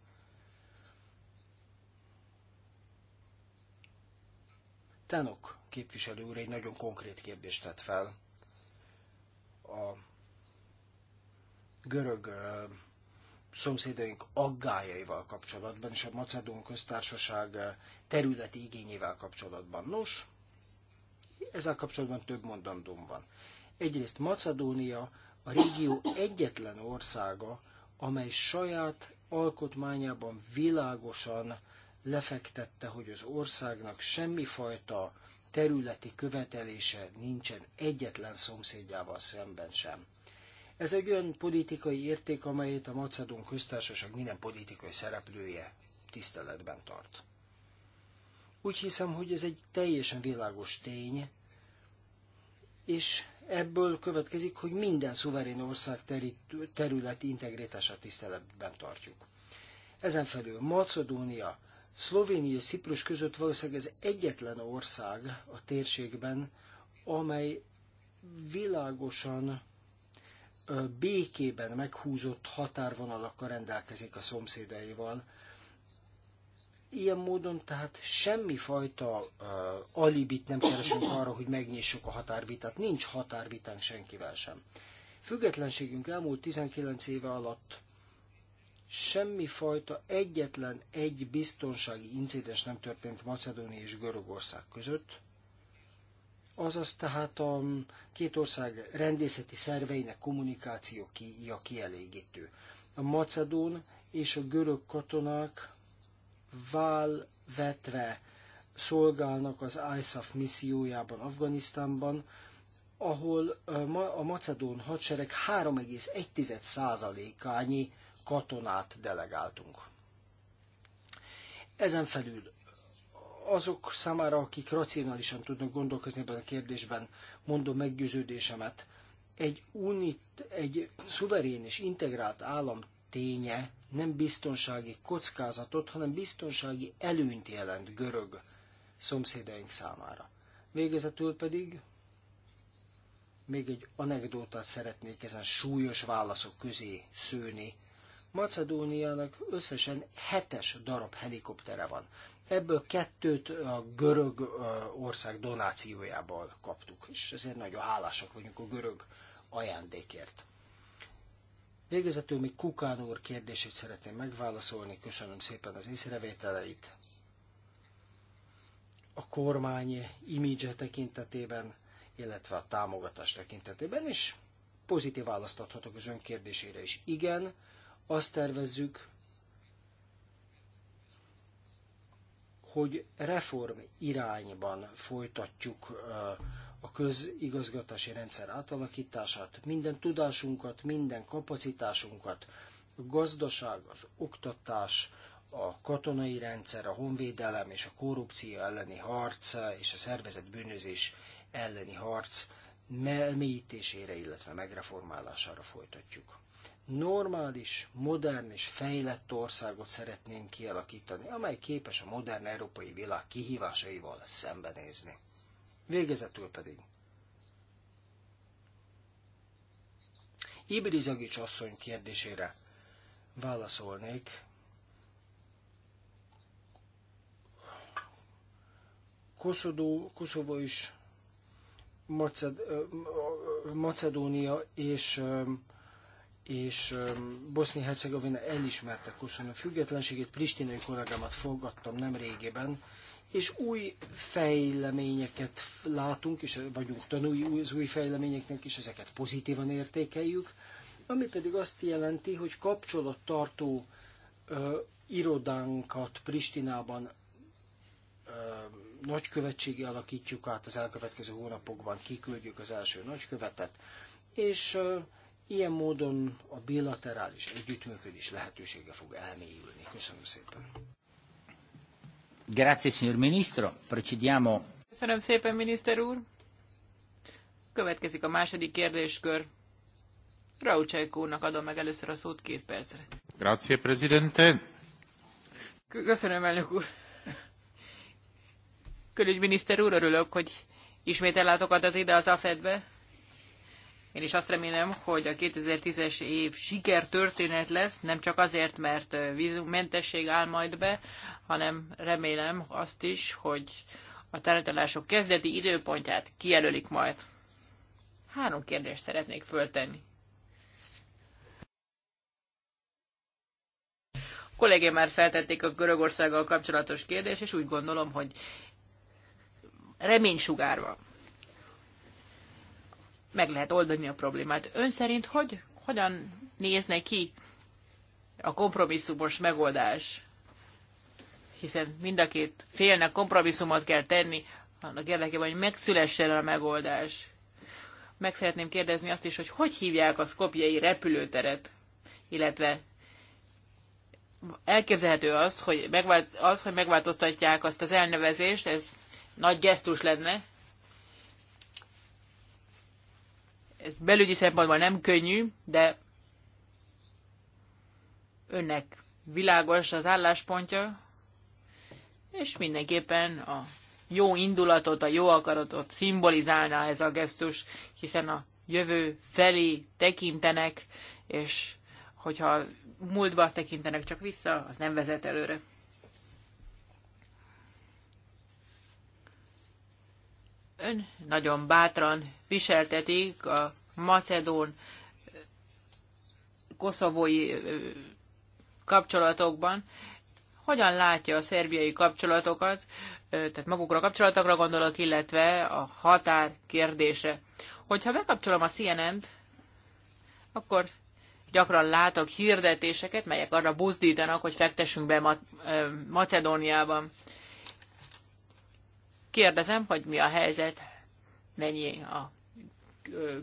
C: Tenok képviselő úr egy nagyon konkrét kérdést tett fel. A görög szomszédaink aggájaival kapcsolatban és a Macedón köztársaság területi igényével kapcsolatban. Nos, ezzel kapcsolatban több mondandóm van. Egyrészt Macedónia a régió egyetlen országa, amely saját alkotmányában világosan lefektette, hogy az országnak semmifajta területi követelése nincsen egyetlen szomszédjával szemben sem. Ez egy olyan politikai érték, amelyet a Macedón köztársaság minden politikai szereplője tiszteletben tart. Úgy hiszem, hogy ez egy teljesen világos tény, és ebből következik, hogy minden szuverén ország területi integritását tiszteletben tartjuk. Ezen felül Macedónia, Szlovénia és Ciprus között valószínűleg ez egyetlen ország a térségben, amely világosan békében meghúzott határvonalakkal rendelkezik a szomszédaival. Ilyen módon tehát fajta uh, alibit nem keresünk arra, hogy megnyissuk a határvitát. Nincs határvitánk senkivel sem. Függetlenségünk elmúlt 19 éve alatt semmifajta egyetlen egy biztonsági incidens nem történt Macedónia és Görögország között, azaz tehát a két ország rendészeti szerveinek kommunikáció ki, a kielégítő. A macedón és a görög katonák válvetve szolgálnak az ISAF missziójában Afganisztánban, ahol a macedón hadsereg 3,1%-ányi katonát delegáltunk. Ezen felül azok számára, akik racionálisan tudnak gondolkozni ebben a kérdésben, mondom meggyőződésemet, egy, unit, egy szuverén és integrált állam ténye nem biztonsági kockázatot, hanem biztonsági előnyt jelent görög szomszédaink számára. Végezetül pedig még egy anekdótát szeretnék ezen súlyos válaszok közé szőni, Macedóniának összesen hetes darab helikoptere van. Ebből kettőt a görög ország donációjából kaptuk, és ezért nagyon hálásak vagyunk a görög ajándékért. Végezetül még Kukán úr kérdését szeretném megválaszolni, köszönöm szépen az észrevételeit. A kormány imidzse tekintetében, illetve a támogatás tekintetében is pozitív választ adhatok az ön kérdésére is. Igen, azt tervezzük, hogy reform irányban folytatjuk uh, a közigazgatási rendszer átalakítását, minden tudásunkat, minden kapacitásunkat, a gazdaság, az oktatás, a katonai rendszer, a honvédelem és a korrupció elleni harc és a szervezet bűnözés elleni harc mélyítésére, illetve megreformálására folytatjuk normális, modern és fejlett országot szeretnénk kialakítani, amely képes a modern európai világ kihívásaival szembenézni. Végezetül pedig. Ibrizagics asszony kérdésére válaszolnék. Koszodó, Koszovó is Maced, Macedónia és és Bosznia-Hercegovina elismerte Koszovó függetlenségét, pristinai kollégámat fogadtam nem régében, és új fejleményeket látunk, és vagyunk tanulni az új fejleményeknek, és ezeket pozitívan értékeljük, ami pedig azt jelenti, hogy kapcsolattartó ö, irodánkat Pristinában ö, nagykövetségi alakítjuk át az elkövetkező hónapokban, kiküldjük az első nagykövetet, és ö, Ilyen módon a bilaterális együttműködés lehetősége fog elmélyülni. Köszönöm szépen.
A: Grazie, signor Ministro. Procediamo. Köszönöm szépen, miniszter úr. Következik a második kérdéskör. Raucsajk úrnak adom meg először a szót két percre.
C: Grazie, Presidente.
A: Köszönöm, elnök úr. Külügyminiszter úr, örülök, hogy ismét ellátogatott ide az AFED-be. Én is azt remélem, hogy a 2010-es év sikertörténet lesz, nem csak azért, mert vízumentesség áll majd be, hanem remélem azt is, hogy a tárgyalások kezdeti időpontját kijelölik majd. Három kérdést szeretnék föltenni. A kollégém már feltették a Görögországgal kapcsolatos kérdést, és úgy gondolom, hogy reménysugár van meg lehet oldani a problémát. Ön szerint hogy, hogyan nézne ki a kompromisszumos megoldás? Hiszen mind a két félnek kompromisszumot kell tenni, annak érdekében, hogy megszülessen a megoldás. Meg szeretném kérdezni azt is, hogy hogy hívják a szkopjai repülőteret, illetve elképzelhető azt, hogy, megvált, az, hogy megváltoztatják azt az elnevezést, ez nagy gesztus lenne, ez belügyi szempontból nem könnyű, de önnek világos az álláspontja, és mindenképpen a jó indulatot, a jó akaratot szimbolizálná ez a gesztus, hiszen a jövő felé tekintenek, és hogyha múltba tekintenek csak vissza, az nem vezet előre. Ön nagyon bátran viseltetik a macedón koszovói kapcsolatokban. Hogyan látja a szerbiai kapcsolatokat, tehát magukra a kapcsolatokra gondolok, illetve a határ kérdése. Hogyha bekapcsolom a CNN-t, akkor gyakran látok hirdetéseket, melyek arra buzdítanak, hogy fektessünk be Macedóniában. Kérdezem, hogy mi a helyzet, mennyi a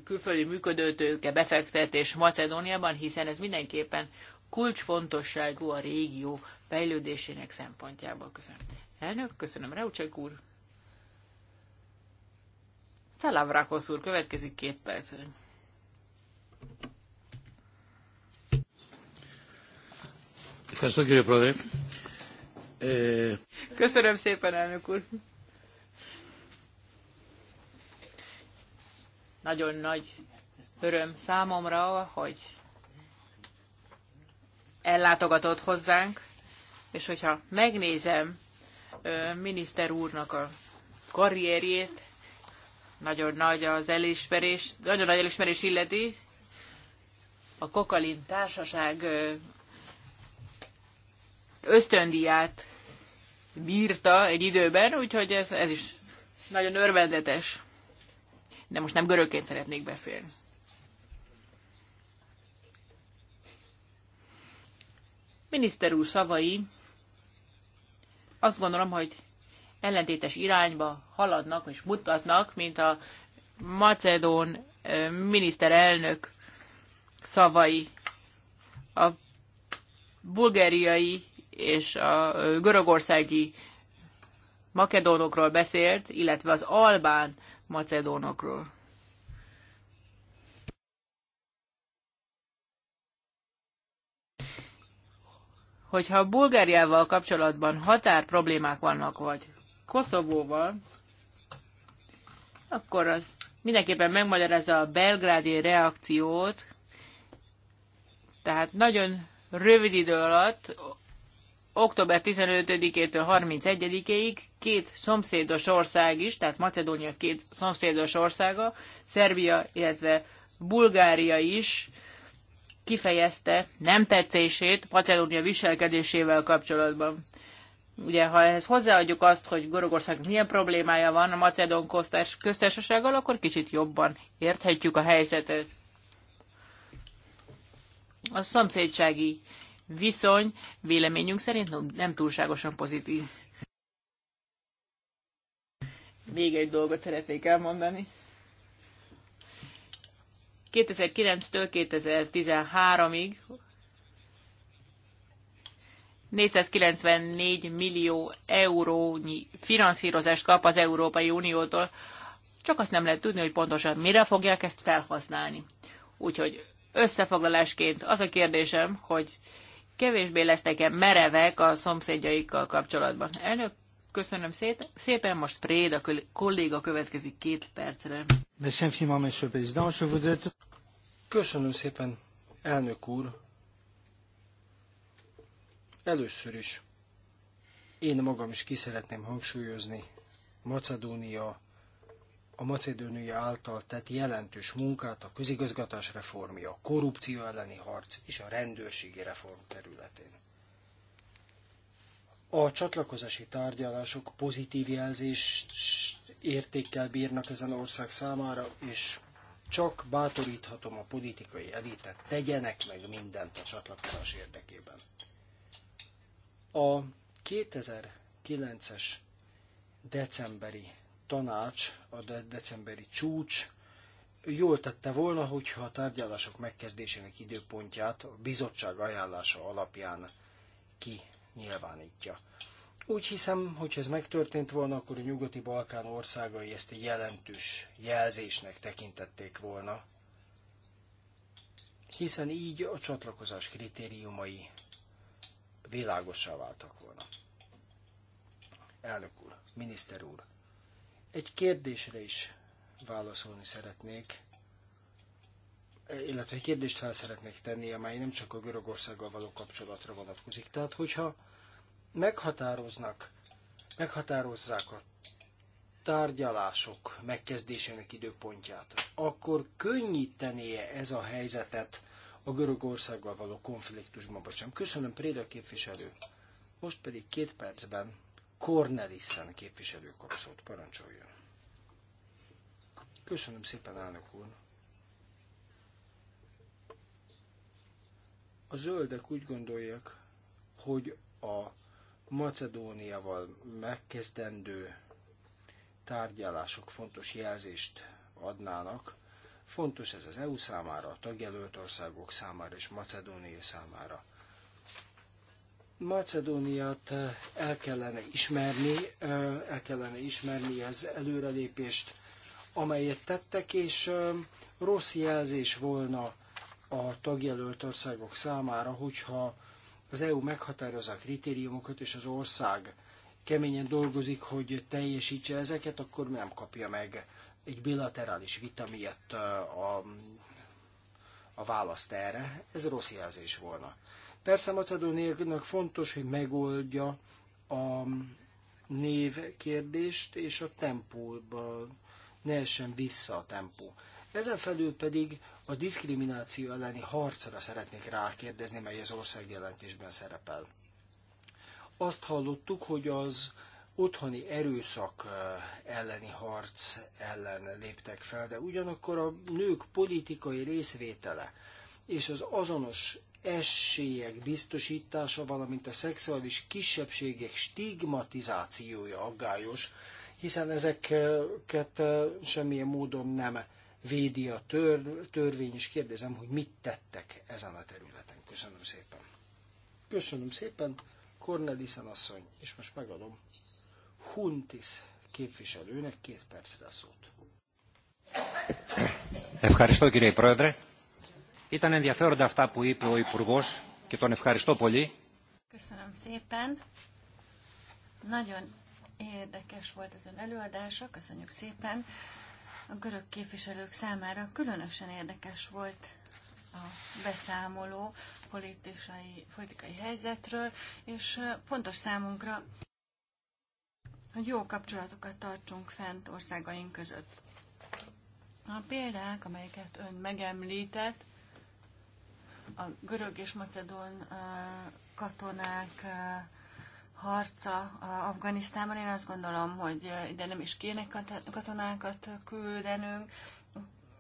A: külföldi működőtőke befektetés Macedóniában, hiszen ez mindenképpen kulcsfontosságú a régió fejlődésének szempontjából. Köszönöm. Elnök, köszönöm, Reucsek úr. Szalavrakosz úr, következik két percre. Köszönöm szépen, elnök úr. Nagyon nagy öröm számomra, hogy ellátogatott hozzánk, és hogyha megnézem miniszter úrnak a karrierjét, nagyon nagy az elismerés, nagyon nagy elismerés illeti. A Kokalin Társaság ösztöndiát bírta egy időben, úgyhogy ez, ez is nagyon örvendetes de most nem görögként szeretnék beszélni. Miniszter úr szavai azt gondolom, hogy ellentétes irányba haladnak és mutatnak, mint a macedón miniszterelnök szavai. A bulgáriai és a görögországi makedónokról beszélt, illetve az albán macedónokról. Hogyha a Bulgáriával kapcsolatban határ problémák vannak, vagy Koszovóval, akkor az mindenképpen megmagyarázza a belgrádi reakciót. Tehát nagyon rövid idő alatt október 15-től 31-ig két szomszédos ország is, tehát Macedónia két szomszédos országa, Szerbia, illetve Bulgária is kifejezte nem tetszését Macedónia viselkedésével kapcsolatban. Ugye, ha ehhez hozzáadjuk azt, hogy Görögország milyen problémája van a Macedón köztársasággal, akkor kicsit jobban érthetjük a helyzetet. A szomszédsági viszony véleményünk szerint nem túlságosan pozitív. Még egy dolgot szeretnék elmondani. 2009-től 2013-ig 494 millió eurónyi finanszírozást kap az Európai Uniótól, csak azt nem lehet tudni, hogy pontosan mire fogják ezt felhasználni. Úgyhogy összefoglalásként az a kérdésem, hogy kevésbé lesznek-e merevek a szomszédjaikkal kapcsolatban. Elnök, köszönöm szépen, most a kolléga következik két percre.
C: Köszönöm szépen, elnök úr. Először is én magam is ki szeretném hangsúlyozni Macedónia a Macedónia által tett jelentős munkát a közigazgatás reformja, a korrupció elleni harc és a rendőrségi reform területén. A csatlakozási tárgyalások pozitív jelzést értékkel bírnak ezen ország számára, és csak bátoríthatom a politikai elitet, tegyenek meg mindent a csatlakozás érdekében. A 2009-es decemberi tanács, a de- decemberi csúcs jól tette volna, hogyha a tárgyalások megkezdésének időpontját a bizottság ajánlása alapján kinyilvánítja. Úgy hiszem, hogy ez megtörtént volna, akkor a nyugati Balkán országai ezt egy jelentős jelzésnek tekintették volna, hiszen így a csatlakozás kritériumai világossá váltak volna. Elnök úr, miniszter úr, egy kérdésre is válaszolni szeretnék, e, illetve egy kérdést fel szeretnék tenni, amely nem csak a Görögországgal való kapcsolatra vonatkozik. Tehát, hogyha meghatároznak, meghatározzák a tárgyalások megkezdésének időpontját, akkor könnyítené ez a helyzetet a Görögországgal való konfliktusban, vagy sem. Köszönöm, Préda képviselő. Most pedig két percben Cornelissen képviselő kapszót Parancsoljon. Köszönöm szépen, elnök úr. A zöldek úgy gondolják, hogy a Macedóniával megkezdendő tárgyalások fontos jelzést adnának. Fontos ez az EU számára, a tagjelölt országok számára és Macedónia számára. Macedóniát eh, el kellene ismerni, eh, el kellene ismerni az előrelépést, amelyet tettek, és eh, rossz jelzés volna a tagjelölt országok számára, hogyha az EU meghatározza a kritériumokat, és az ország keményen dolgozik, hogy teljesítse ezeket, akkor nem kapja meg egy bilaterális vita miatt a, a választ erre. Ez rossz jelzés volna. Persze Macedóniának fontos, hogy megoldja a név kérdést, és a tempóba ne essen vissza a tempó. Ezen felül pedig a diszkrimináció elleni harcra szeretnék rákérdezni, mely az országjelentésben szerepel. Azt hallottuk, hogy az otthoni erőszak eh, elleni harc ellen léptek fel, de ugyanakkor a nők politikai részvétele és az azonos esélyek biztosítása, valamint a szexuális kisebbségek stigmatizációja aggályos, hiszen ezeket eh, semmilyen módon nem védi a tör, törvény, és kérdezem, hogy mit tettek ezen a területen. Köszönöm szépen. Köszönöm szépen, Cornelissen asszony, és most megadom Huntis képviselőnek két percre a szót. Ευχαριστώ κύριε Πρόεδρε. Ήταν ενδιαφέροντα αυτά που είπε ο Υπουργό και τον ευχαριστώ πολύ.
B: Nagyon érdekes volt ez ön előadása, köszönjük szépen. A görög képviselők számára különösen érdekes volt a beszámoló politikai, politikai helyzetről, és fontos számunkra, hogy jó kapcsolatokat tartsunk fent országaink között. A példák, amelyeket ön megemlített, a görög és macedón katonák harca Afganisztánban. Én azt gondolom, hogy ide nem is kéne katonákat küldenünk.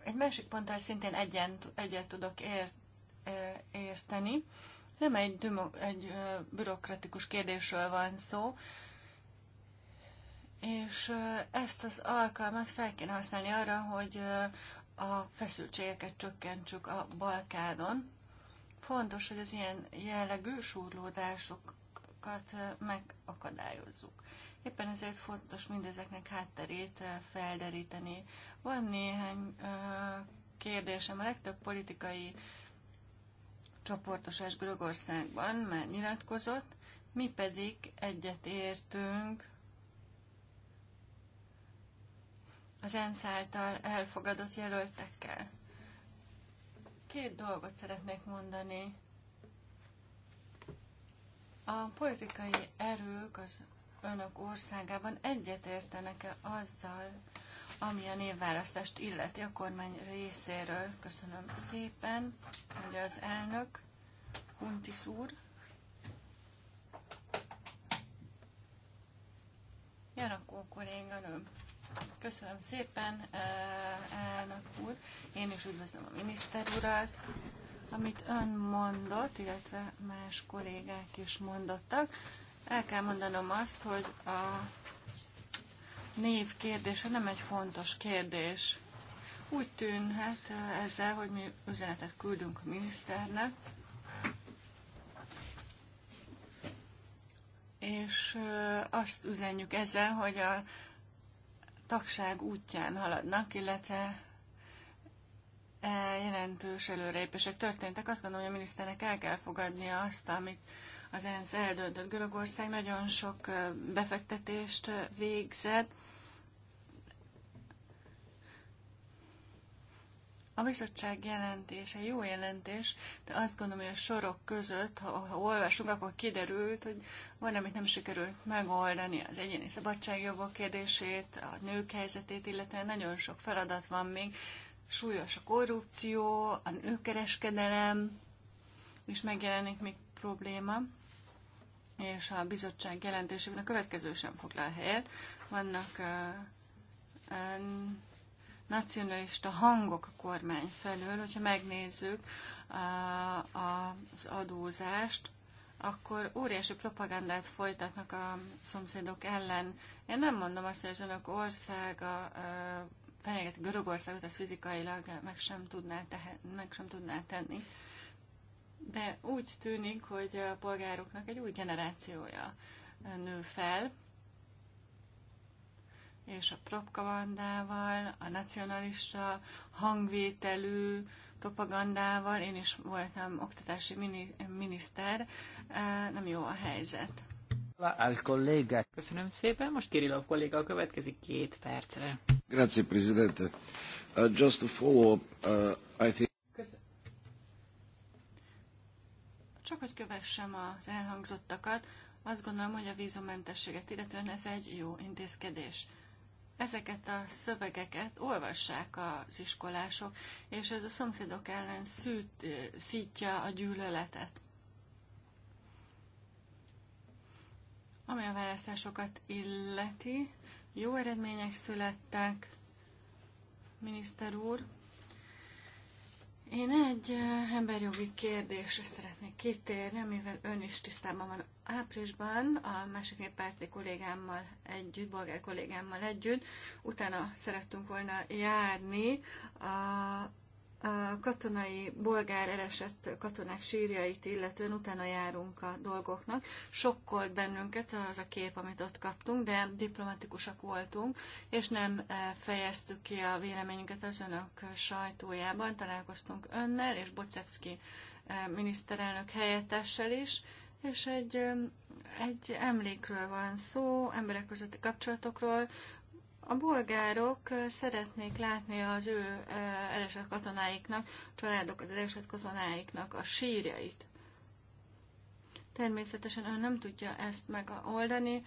B: Egy másik ponttal szintén egyen, egyet tudok ért, érteni. Nem egy, dümo, egy bürokratikus kérdésről van szó, és ezt az alkalmat fel kéne használni arra, hogy a feszültségeket csökkentsük a Balkádon. Fontos, hogy az ilyen jellegű súrlódásokat megakadályozzuk. Éppen ezért fontos mindezeknek hátterét felderíteni. Van néhány kérdésem, a legtöbb politikai csoportosás Görögországban már nyilatkozott, mi pedig egyetértünk az ENSZ által elfogadott jelöltekkel. Két dolgot szeretnék mondani. A politikai erők az önök országában egyetértenek-e azzal, ami a névválasztást illeti a kormány részéről. Köszönöm szépen, hogy az elnök, Huntis úr. Janakó kolléganőm. Köszönöm szépen, eh, elnök úr. Én is üdvözlöm a miniszter urat. Amit ön mondott, illetve más kollégák is mondottak, el kell mondanom azt, hogy a név kérdése nem egy fontos kérdés. Úgy tűnhet eh, ezzel, hogy mi üzenetet küldünk a miniszternek, és eh, azt üzenjük ezzel, hogy a tagság útján haladnak, illetve e, jelentős előrelépések történtek. Azt gondolom, hogy a miniszternek el kell fogadnia azt, amit az ENSZ eldöntött. Görögország nagyon sok e, befektetést e, végzett, A bizottság jelentése jó jelentés, de azt gondolom, hogy a sorok között, ha, ha olvasunk, akkor kiderült, hogy van, amit nem sikerült megoldani, az egyéni szabadságjogok kérdését, a nők helyzetét, illetve nagyon sok feladat van még, súlyos a korrupció, a nőkereskedelem is megjelenik még probléma, és a bizottság jelentésében a következő sem foglal helyet. Vannak uh, uh, nacionalista hangok a kormány felől, hogyha megnézzük az adózást, akkor óriási propagandát folytatnak a szomszédok ellen. Én nem mondom azt, hogy az önök országa fenyeget Görögországot, ez fizikailag meg sem, tudná tehe, meg sem tudná tenni. De úgy tűnik, hogy a polgároknak egy új generációja nő fel, és a propagandával, a nacionalista hangvételű propagandával, én is voltam oktatási miniszter, nem jó a helyzet. Köszönöm szépen, most a kolléga következik két
A: percre.
C: Grazie, Presidente. Uh, just to follow up, uh, I think...
B: Csak hogy kövessem az elhangzottakat, azt gondolom, hogy a vízumentességet illetően ez egy jó intézkedés ezeket a szövegeket olvassák az iskolások, és ez a szomszédok ellen szűt, szítja a gyűlöletet. Ami a választásokat illeti, jó eredmények születtek, miniszter úr, én egy emberjogi kérdésre szeretnék kitérni, amivel ön is tisztában van. Áprilisban a másik néppárti kollégámmal együtt, bolgár kollégámmal együtt, utána szerettünk volna járni a a katonai bolgár elesett katonák sírjait illetően utána járunk a dolgoknak. Sokkolt bennünket az a kép, amit ott kaptunk, de diplomatikusak voltunk, és nem eh, fejeztük ki a véleményünket az önök sajtójában. Találkoztunk önnel és Bocevski eh, miniszterelnök helyettessel is, és egy, eh, egy emlékről van szó, emberek közötti kapcsolatokról, a bolgárok szeretnék látni az ő elesett katonáiknak, a családok az elesett katonáiknak a sírjait. Természetesen ő nem tudja ezt megoldani,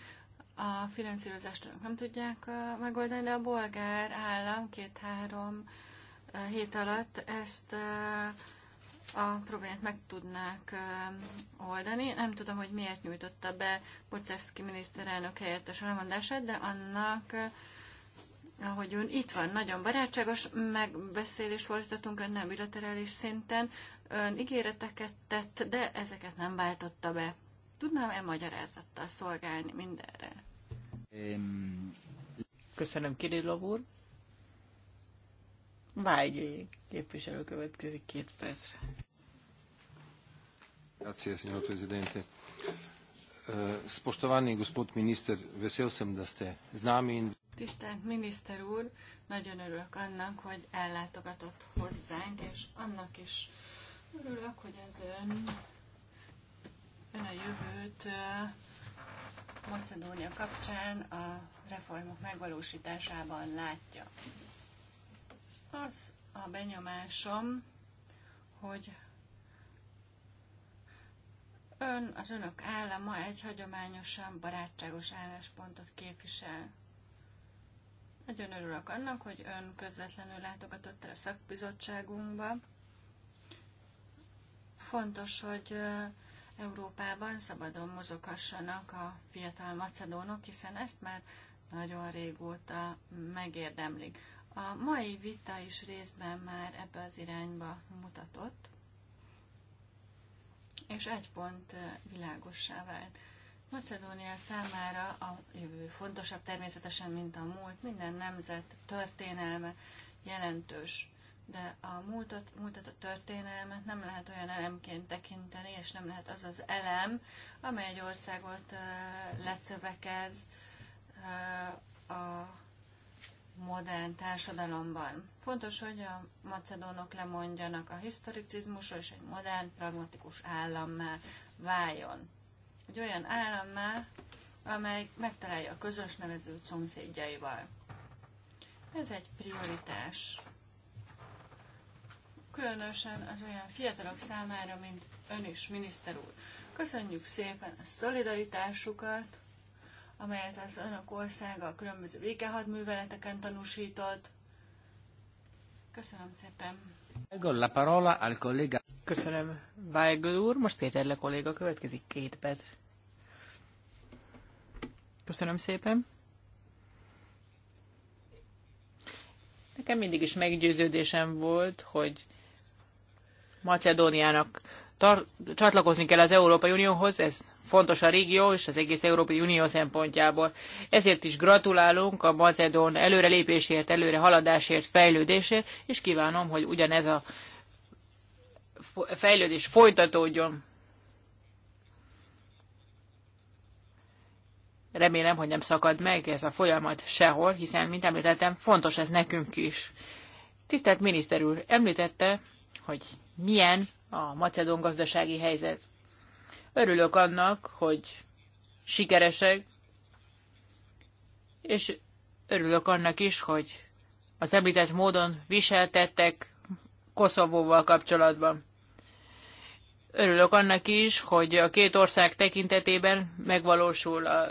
B: a finanszírozást nem tudják megoldani, de a bolgár állam két-három hét alatt ezt a problémát meg tudnák oldani. Nem tudom, hogy miért nyújtotta be Bocevszki miniszterelnök helyettes elmondását, de annak ahogy ön itt van, nagyon barátságos megbeszélés folytatunk önnel bilaterális szinten. Ön ígéreteket tett, de ezeket nem váltotta be. Tudnám-e magyarázattal szolgálni mindenre?
A: Köszönöm, Kirillov úr.
B: Vágyai
A: képviselő következik két
B: percre.
C: Grazie, signor Presidente. Eh, spoštovani gospod minister, vesel sem, da ste z nami in
B: Tisztelt miniszter úr, nagyon örülök annak, hogy ellátogatott hozzánk, és annak is örülök, hogy az ön, ön a jövőt Macedónia kapcsán a reformok megvalósításában látja. Az a benyomásom, hogy ön, az önök állama egy hagyományosan barátságos álláspontot képvisel. Nagyon örülök annak, hogy ön közvetlenül látogatott el a szakbizottságunkba. Fontos, hogy Európában szabadon mozoghassanak a fiatal macedónok, hiszen ezt már nagyon régóta megérdemlik. A mai vita is részben már ebbe az irányba mutatott, és egy pont világossá vált. Macedónia számára a jövő fontosabb természetesen, mint a múlt. Minden nemzet történelme jelentős, de a múltat, múltat a történelmet nem lehet olyan elemként tekinteni, és nem lehet az az elem, amely egy országot lecövekez a modern társadalomban. Fontos, hogy a macedónok lemondjanak a historicizmusról, és egy modern, pragmatikus állammá váljon egy olyan állammá, amely megtalálja a közös nevezőt szomszédjaival. Ez egy prioritás. Különösen az olyan fiatalok számára, mint ön is, miniszter úr. Köszönjük szépen a szolidaritásukat, amelyet az önök országa a különböző végehadműveleteken tanúsított. Köszönöm szépen.
A: La parola al collega Köszönöm, Weigl úr. Most Péter Le kolléga következik két perc. Köszönöm szépen. Nekem mindig is meggyőződésem volt, hogy Macedóniának tar- csatlakozni kell az Európai Unióhoz, ez fontos a régió és az egész Európai Unió szempontjából. Ezért is gratulálunk a Macedón előrelépésért, előrehaladásért, fejlődésért, és kívánom, hogy ugyanez a fejlődés folytatódjon. Remélem, hogy nem szakad meg ez a folyamat sehol, hiszen, mint említettem, fontos ez nekünk is. Tisztelt miniszter úr, említette, hogy milyen a macedón gazdasági helyzet. Örülök annak, hogy sikeresek, és örülök annak is, hogy az említett módon viseltettek Koszovóval kapcsolatban. Örülök annak is, hogy a két ország tekintetében megvalósul a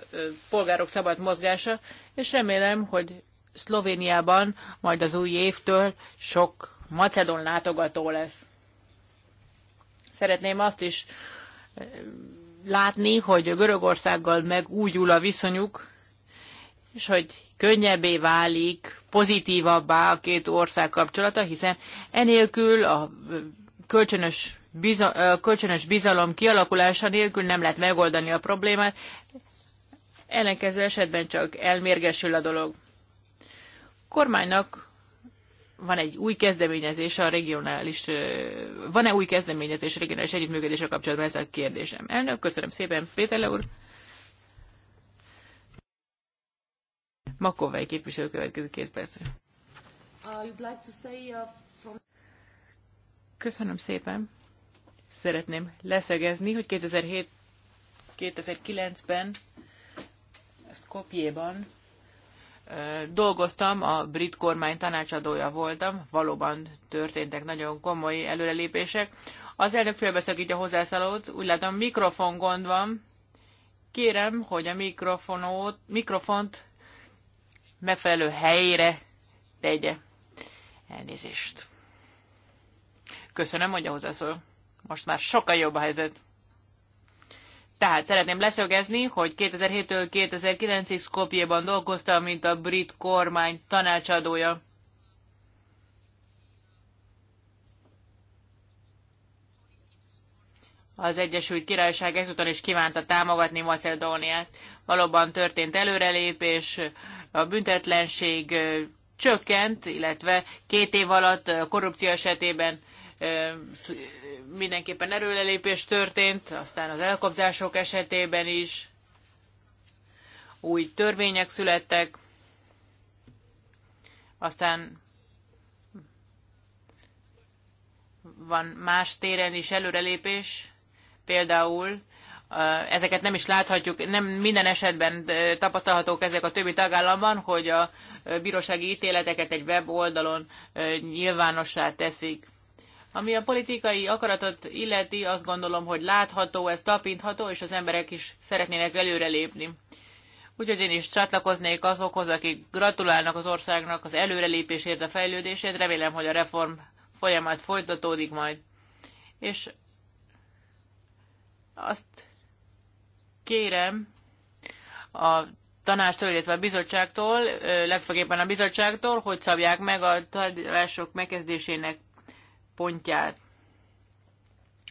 A: polgárok szabad mozgása, és remélem, hogy Szlovéniában majd az új évtől sok macedon látogató lesz. Szeretném azt is látni, hogy Görögországgal megújul a viszonyuk, és hogy könnyebbé válik, pozitívabbá a két ország kapcsolata, hiszen enélkül a kölcsönös kölcsönös bizalom kialakulása nélkül nem lehet megoldani a problémát, ellenkező esetben csak elmérgesül a dolog. Kormánynak van egy új kezdeményezés a regionális, van-e új kezdeményezés a regionális együttműködésre kapcsolatban ez a kérdésem. Elnök, köszönöm szépen, Péter úr. Makovely képviselő következő két percre.
B: Uh, uh,
A: köszönöm szépen. Szeretném leszegezni, hogy 2007 2009-ben Skopjéban dolgoztam, a brit kormány tanácsadója voltam, valóban történtek nagyon komoly előrelépések. Az elnök félbeszakítja hozzászalót, úgy látom mikrofon gond van. Kérem, hogy a mikrofonot, mikrofont megfelelő helyére tegye. Elnézést. Köszönöm, hogy a hozzászól. Most már sokkal jobb a helyzet. Tehát szeretném leszögezni, hogy 2007-től 2009-ig Skopjeban dolgoztam, mint a brit kormány tanácsadója. Az Egyesült Királyság ezúton is kívánta támogatni Macedóniát. Valóban történt előrelépés, a büntetlenség csökkent, illetve két év alatt korrupció esetében mindenképpen erőlelépés történt, aztán az elkobzások esetében is új törvények születtek, aztán van más téren is előrelépés, például ezeket nem is láthatjuk, nem minden esetben tapasztalhatók ezek a többi tagállamban, hogy a bírósági ítéleteket egy weboldalon nyilvánossá teszik. Ami a politikai akaratot illeti, azt gondolom, hogy látható, ez tapintható, és az emberek is szeretnének előrelépni. Úgyhogy én is csatlakoznék azokhoz, akik gratulálnak az országnak az előrelépésért, a fejlődésért. Remélem, hogy a reform folyamat folytatódik majd. És azt kérem a tanástól, illetve a bizottságtól, legfőképpen a bizottságtól, hogy szabják meg a tárgyalások megkezdésének pontját.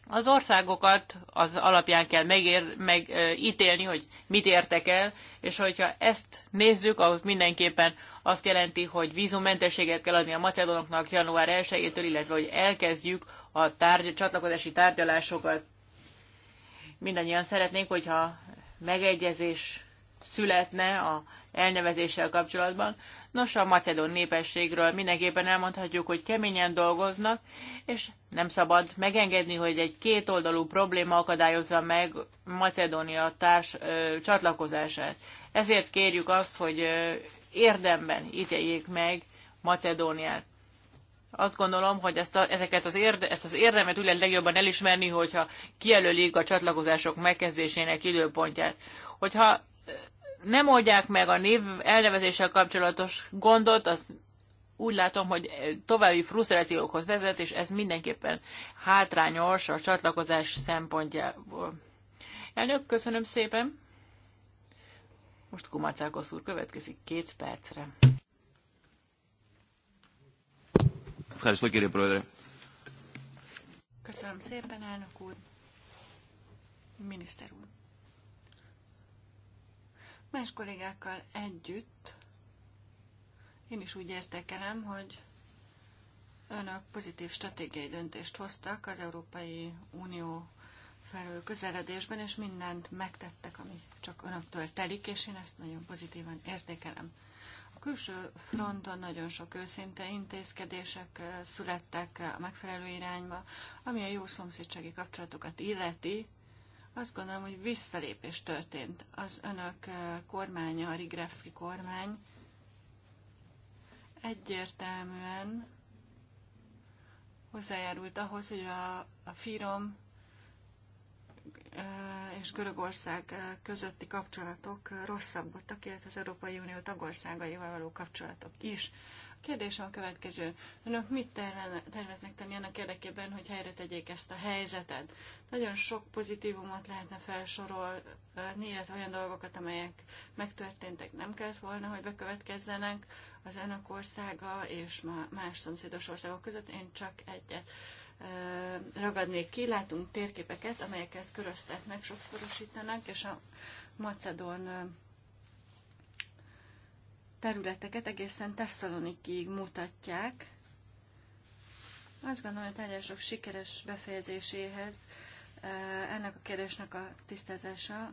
A: Az országokat az alapján kell megér, megítélni, hogy mit értek el, és hogyha ezt nézzük, ahhoz mindenképpen azt jelenti, hogy vízummentességet kell adni a macedonoknak január 1-től, illetve hogy elkezdjük a tárgy, csatlakozási tárgyalásokat. Mindannyian szeretnénk, hogyha megegyezés születne a elnevezéssel kapcsolatban. Nos, a macedón népességről mindenképpen elmondhatjuk, hogy keményen dolgoznak, és nem szabad megengedni, hogy egy kétoldalú probléma akadályozza meg Macedónia társ ö, csatlakozását. Ezért kérjük azt, hogy ö, érdemben ítéljék meg Macedóniát azt gondolom, hogy ezt a, ezeket az érde, ezt az érdemet úgy lehet legjobban elismerni, hogyha kijelölik a csatlakozások megkezdésének időpontját. Hogyha nem oldják meg a név elnevezéssel kapcsolatos gondot, az úgy látom, hogy további frusztrációkhoz vezet, és ez mindenképpen hátrányos a csatlakozás szempontjából. Elnök, köszönöm szépen! Most Kumacákos úr következik két percre.
B: Köszönöm szépen, elnök úr! Miniszter úr! Más kollégákkal együtt én is úgy értékelem, hogy önök pozitív stratégiai döntést hoztak az Európai Unió felől közeledésben, és mindent megtettek, ami csak önöktől telik, és én ezt nagyon pozitívan értékelem. A külső fronton nagyon sok őszinte intézkedések eh, születtek eh, a megfelelő irányba, ami a jó szomszédsági kapcsolatokat illeti, azt gondolom, hogy visszalépés történt. Az önök eh, kormánya, a Rigrevski kormány egyértelműen hozzájárult ahhoz, hogy a, a Firom eh, és Görögország eh, közötti kapcsolatok rosszabbodtak, illetve az Európai Unió tagországaival való kapcsolatok is. Kérdésem a következő. Önök mit terveznek tenni annak érdekében, hogy helyre tegyék ezt a helyzetet? Nagyon sok pozitívumot lehetne felsorolni, illetve olyan dolgokat, amelyek megtörténtek, nem kellett volna, hogy bekövetkezzenek az önök országa és más szomszédos országok között. Én csak egyet ragadnék ki. Látunk térképeket, amelyeket köröztetnek, sokszorosítanak, és a macedón területeket egészen Tesszalonikig mutatják. Azt gondolom, hogy a tárgyalások sikeres befejezéséhez eh, ennek a kérdésnek a tisztázása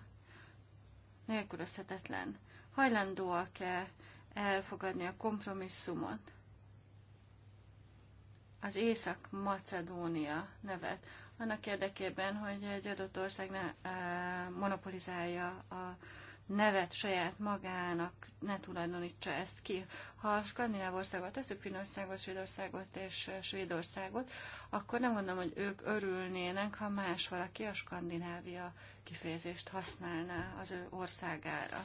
B: nélkülözhetetlen. Hajlandóak-e elfogadni a kompromisszumot? Az Észak-Macedónia nevet. Annak érdekében, hogy egy adott ország ne eh, monopolizálja a nevet saját magának ne tulajdonítsa ezt ki. Ha a Skandináv országot teszük, Finországot, Svédországot és eh, Svédországot, akkor nem gondolom, hogy ők örülnének, ha más valaki a Skandinávia kifejezést használná az ő országára.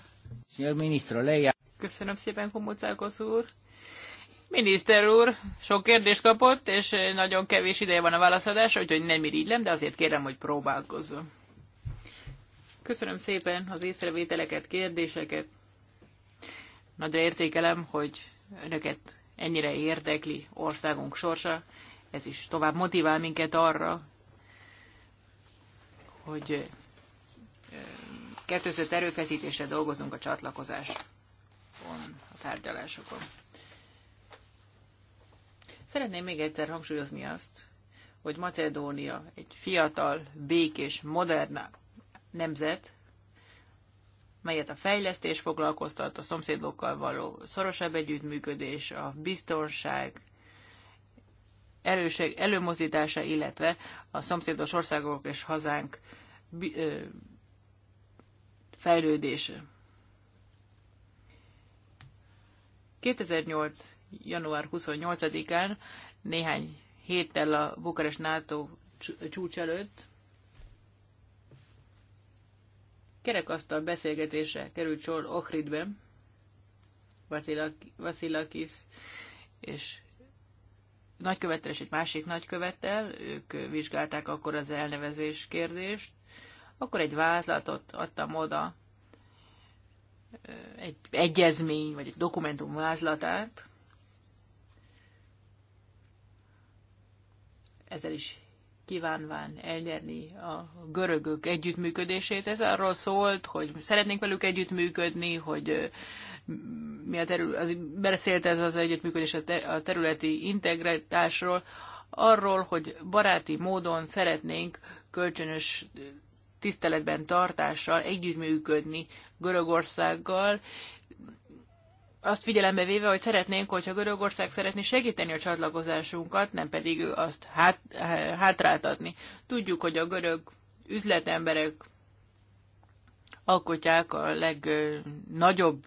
A: Köszönöm szépen, Komocákos úr! Miniszter úr, sok kérdést kapott, és eh, nagyon kevés ideje van a válaszadásra, úgyhogy nem irigylem, de azért kérem, hogy próbálkozzon. Köszönöm szépen az észrevételeket, kérdéseket. Nagyra értékelem, hogy önöket ennyire érdekli országunk sorsa. Ez is tovább motivál minket arra, hogy kettőzött erőfeszítéssel dolgozunk a csatlakozáson, a tárgyalásokon. Szeretném még egyszer hangsúlyozni azt, hogy Macedónia egy fiatal, békés, modern, nemzet, melyet a fejlesztés foglalkoztat, a szomszédokkal való szorosabb együttműködés, a biztonság erőség, előmozítása, illetve a szomszédos országok és hazánk fejlődése. 2008. január 28-án, néhány héttel a Bukarest NATO csúcs előtt kerekasztal beszélgetésre került sor Ohridben, Vasilakis és nagykövettel és egy másik nagykövettel, ők vizsgálták akkor az elnevezés kérdést, akkor egy vázlatot adtam oda, egy egyezmény, vagy egy dokumentum vázlatát, ezzel is kívánván elnyerni a görögök együttműködését. Ez arról szólt, hogy szeretnénk velük együttműködni, hogy mi a terület, az, beszélt ez az együttműködés a területi integritásról, arról, hogy baráti módon szeretnénk kölcsönös tiszteletben tartással együttműködni Görögországgal, azt figyelembe véve, hogy szeretnénk, hogyha Görögország szeretné segíteni a csatlakozásunkat, nem pedig azt hát, hátráltatni. Tudjuk, hogy a görög üzletemberek alkotják a legnagyobb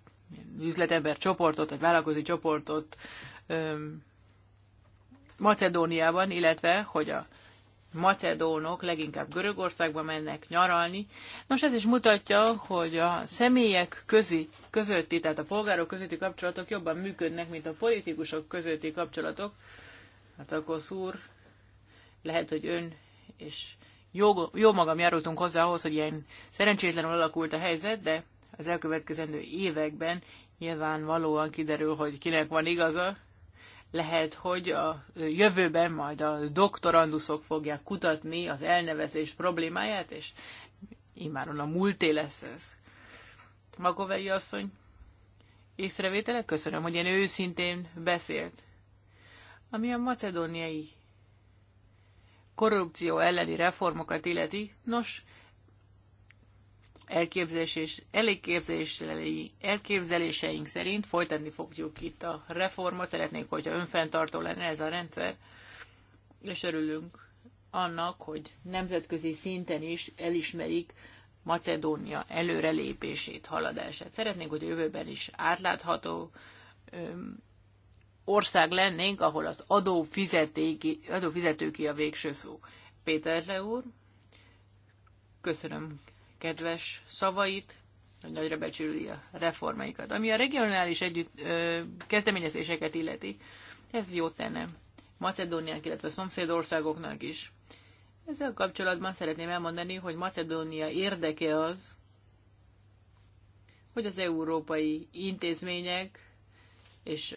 A: üzletember csoportot, vagy vállalkozói csoportot Macedóniában, illetve hogy a macedónok leginkább Görögországba mennek nyaralni. Nos, ez is mutatja, hogy a személyek közi, közötti, tehát a polgárok közötti kapcsolatok jobban működnek, mint a politikusok közötti kapcsolatok. Hát akkor szúr, lehet, hogy ön és jó, jó magam járultunk hozzá ahhoz, hogy ilyen szerencsétlenül alakult a helyzet, de az elkövetkezendő években nyilvánvalóan kiderül, hogy kinek van igaza. Lehet, hogy a jövőben majd a doktoranduszok fogják kutatni az elnevezés problémáját, és imáron a múlté lesz ez. Magovei asszony, észrevétele? Köszönöm, hogy én őszintén beszélt. Ami a macedóniai korrupció elleni reformokat illeti, nos, elképzelés és elégképzelései, elképzeléseink szerint folytatni fogjuk itt a reformot, szeretnénk, hogyha önfenntartó lenne ez a rendszer, és örülünk annak, hogy nemzetközi szinten is elismerik Macedónia előrelépését, haladását. Szeretnénk, hogy a jövőben is átlátható öm, ország lennénk, ahol az adófizetőki a végső szó. Péter Leúr, köszönöm kedves szavait, hogy nagyra becsüli a reformaikat. Ami a regionális együtt, ö, kezdeményezéseket illeti, ez jó tenne Macedóniák, illetve szomszédországoknak is. Ezzel kapcsolatban szeretném elmondani, hogy Macedónia érdeke az, hogy az európai intézmények és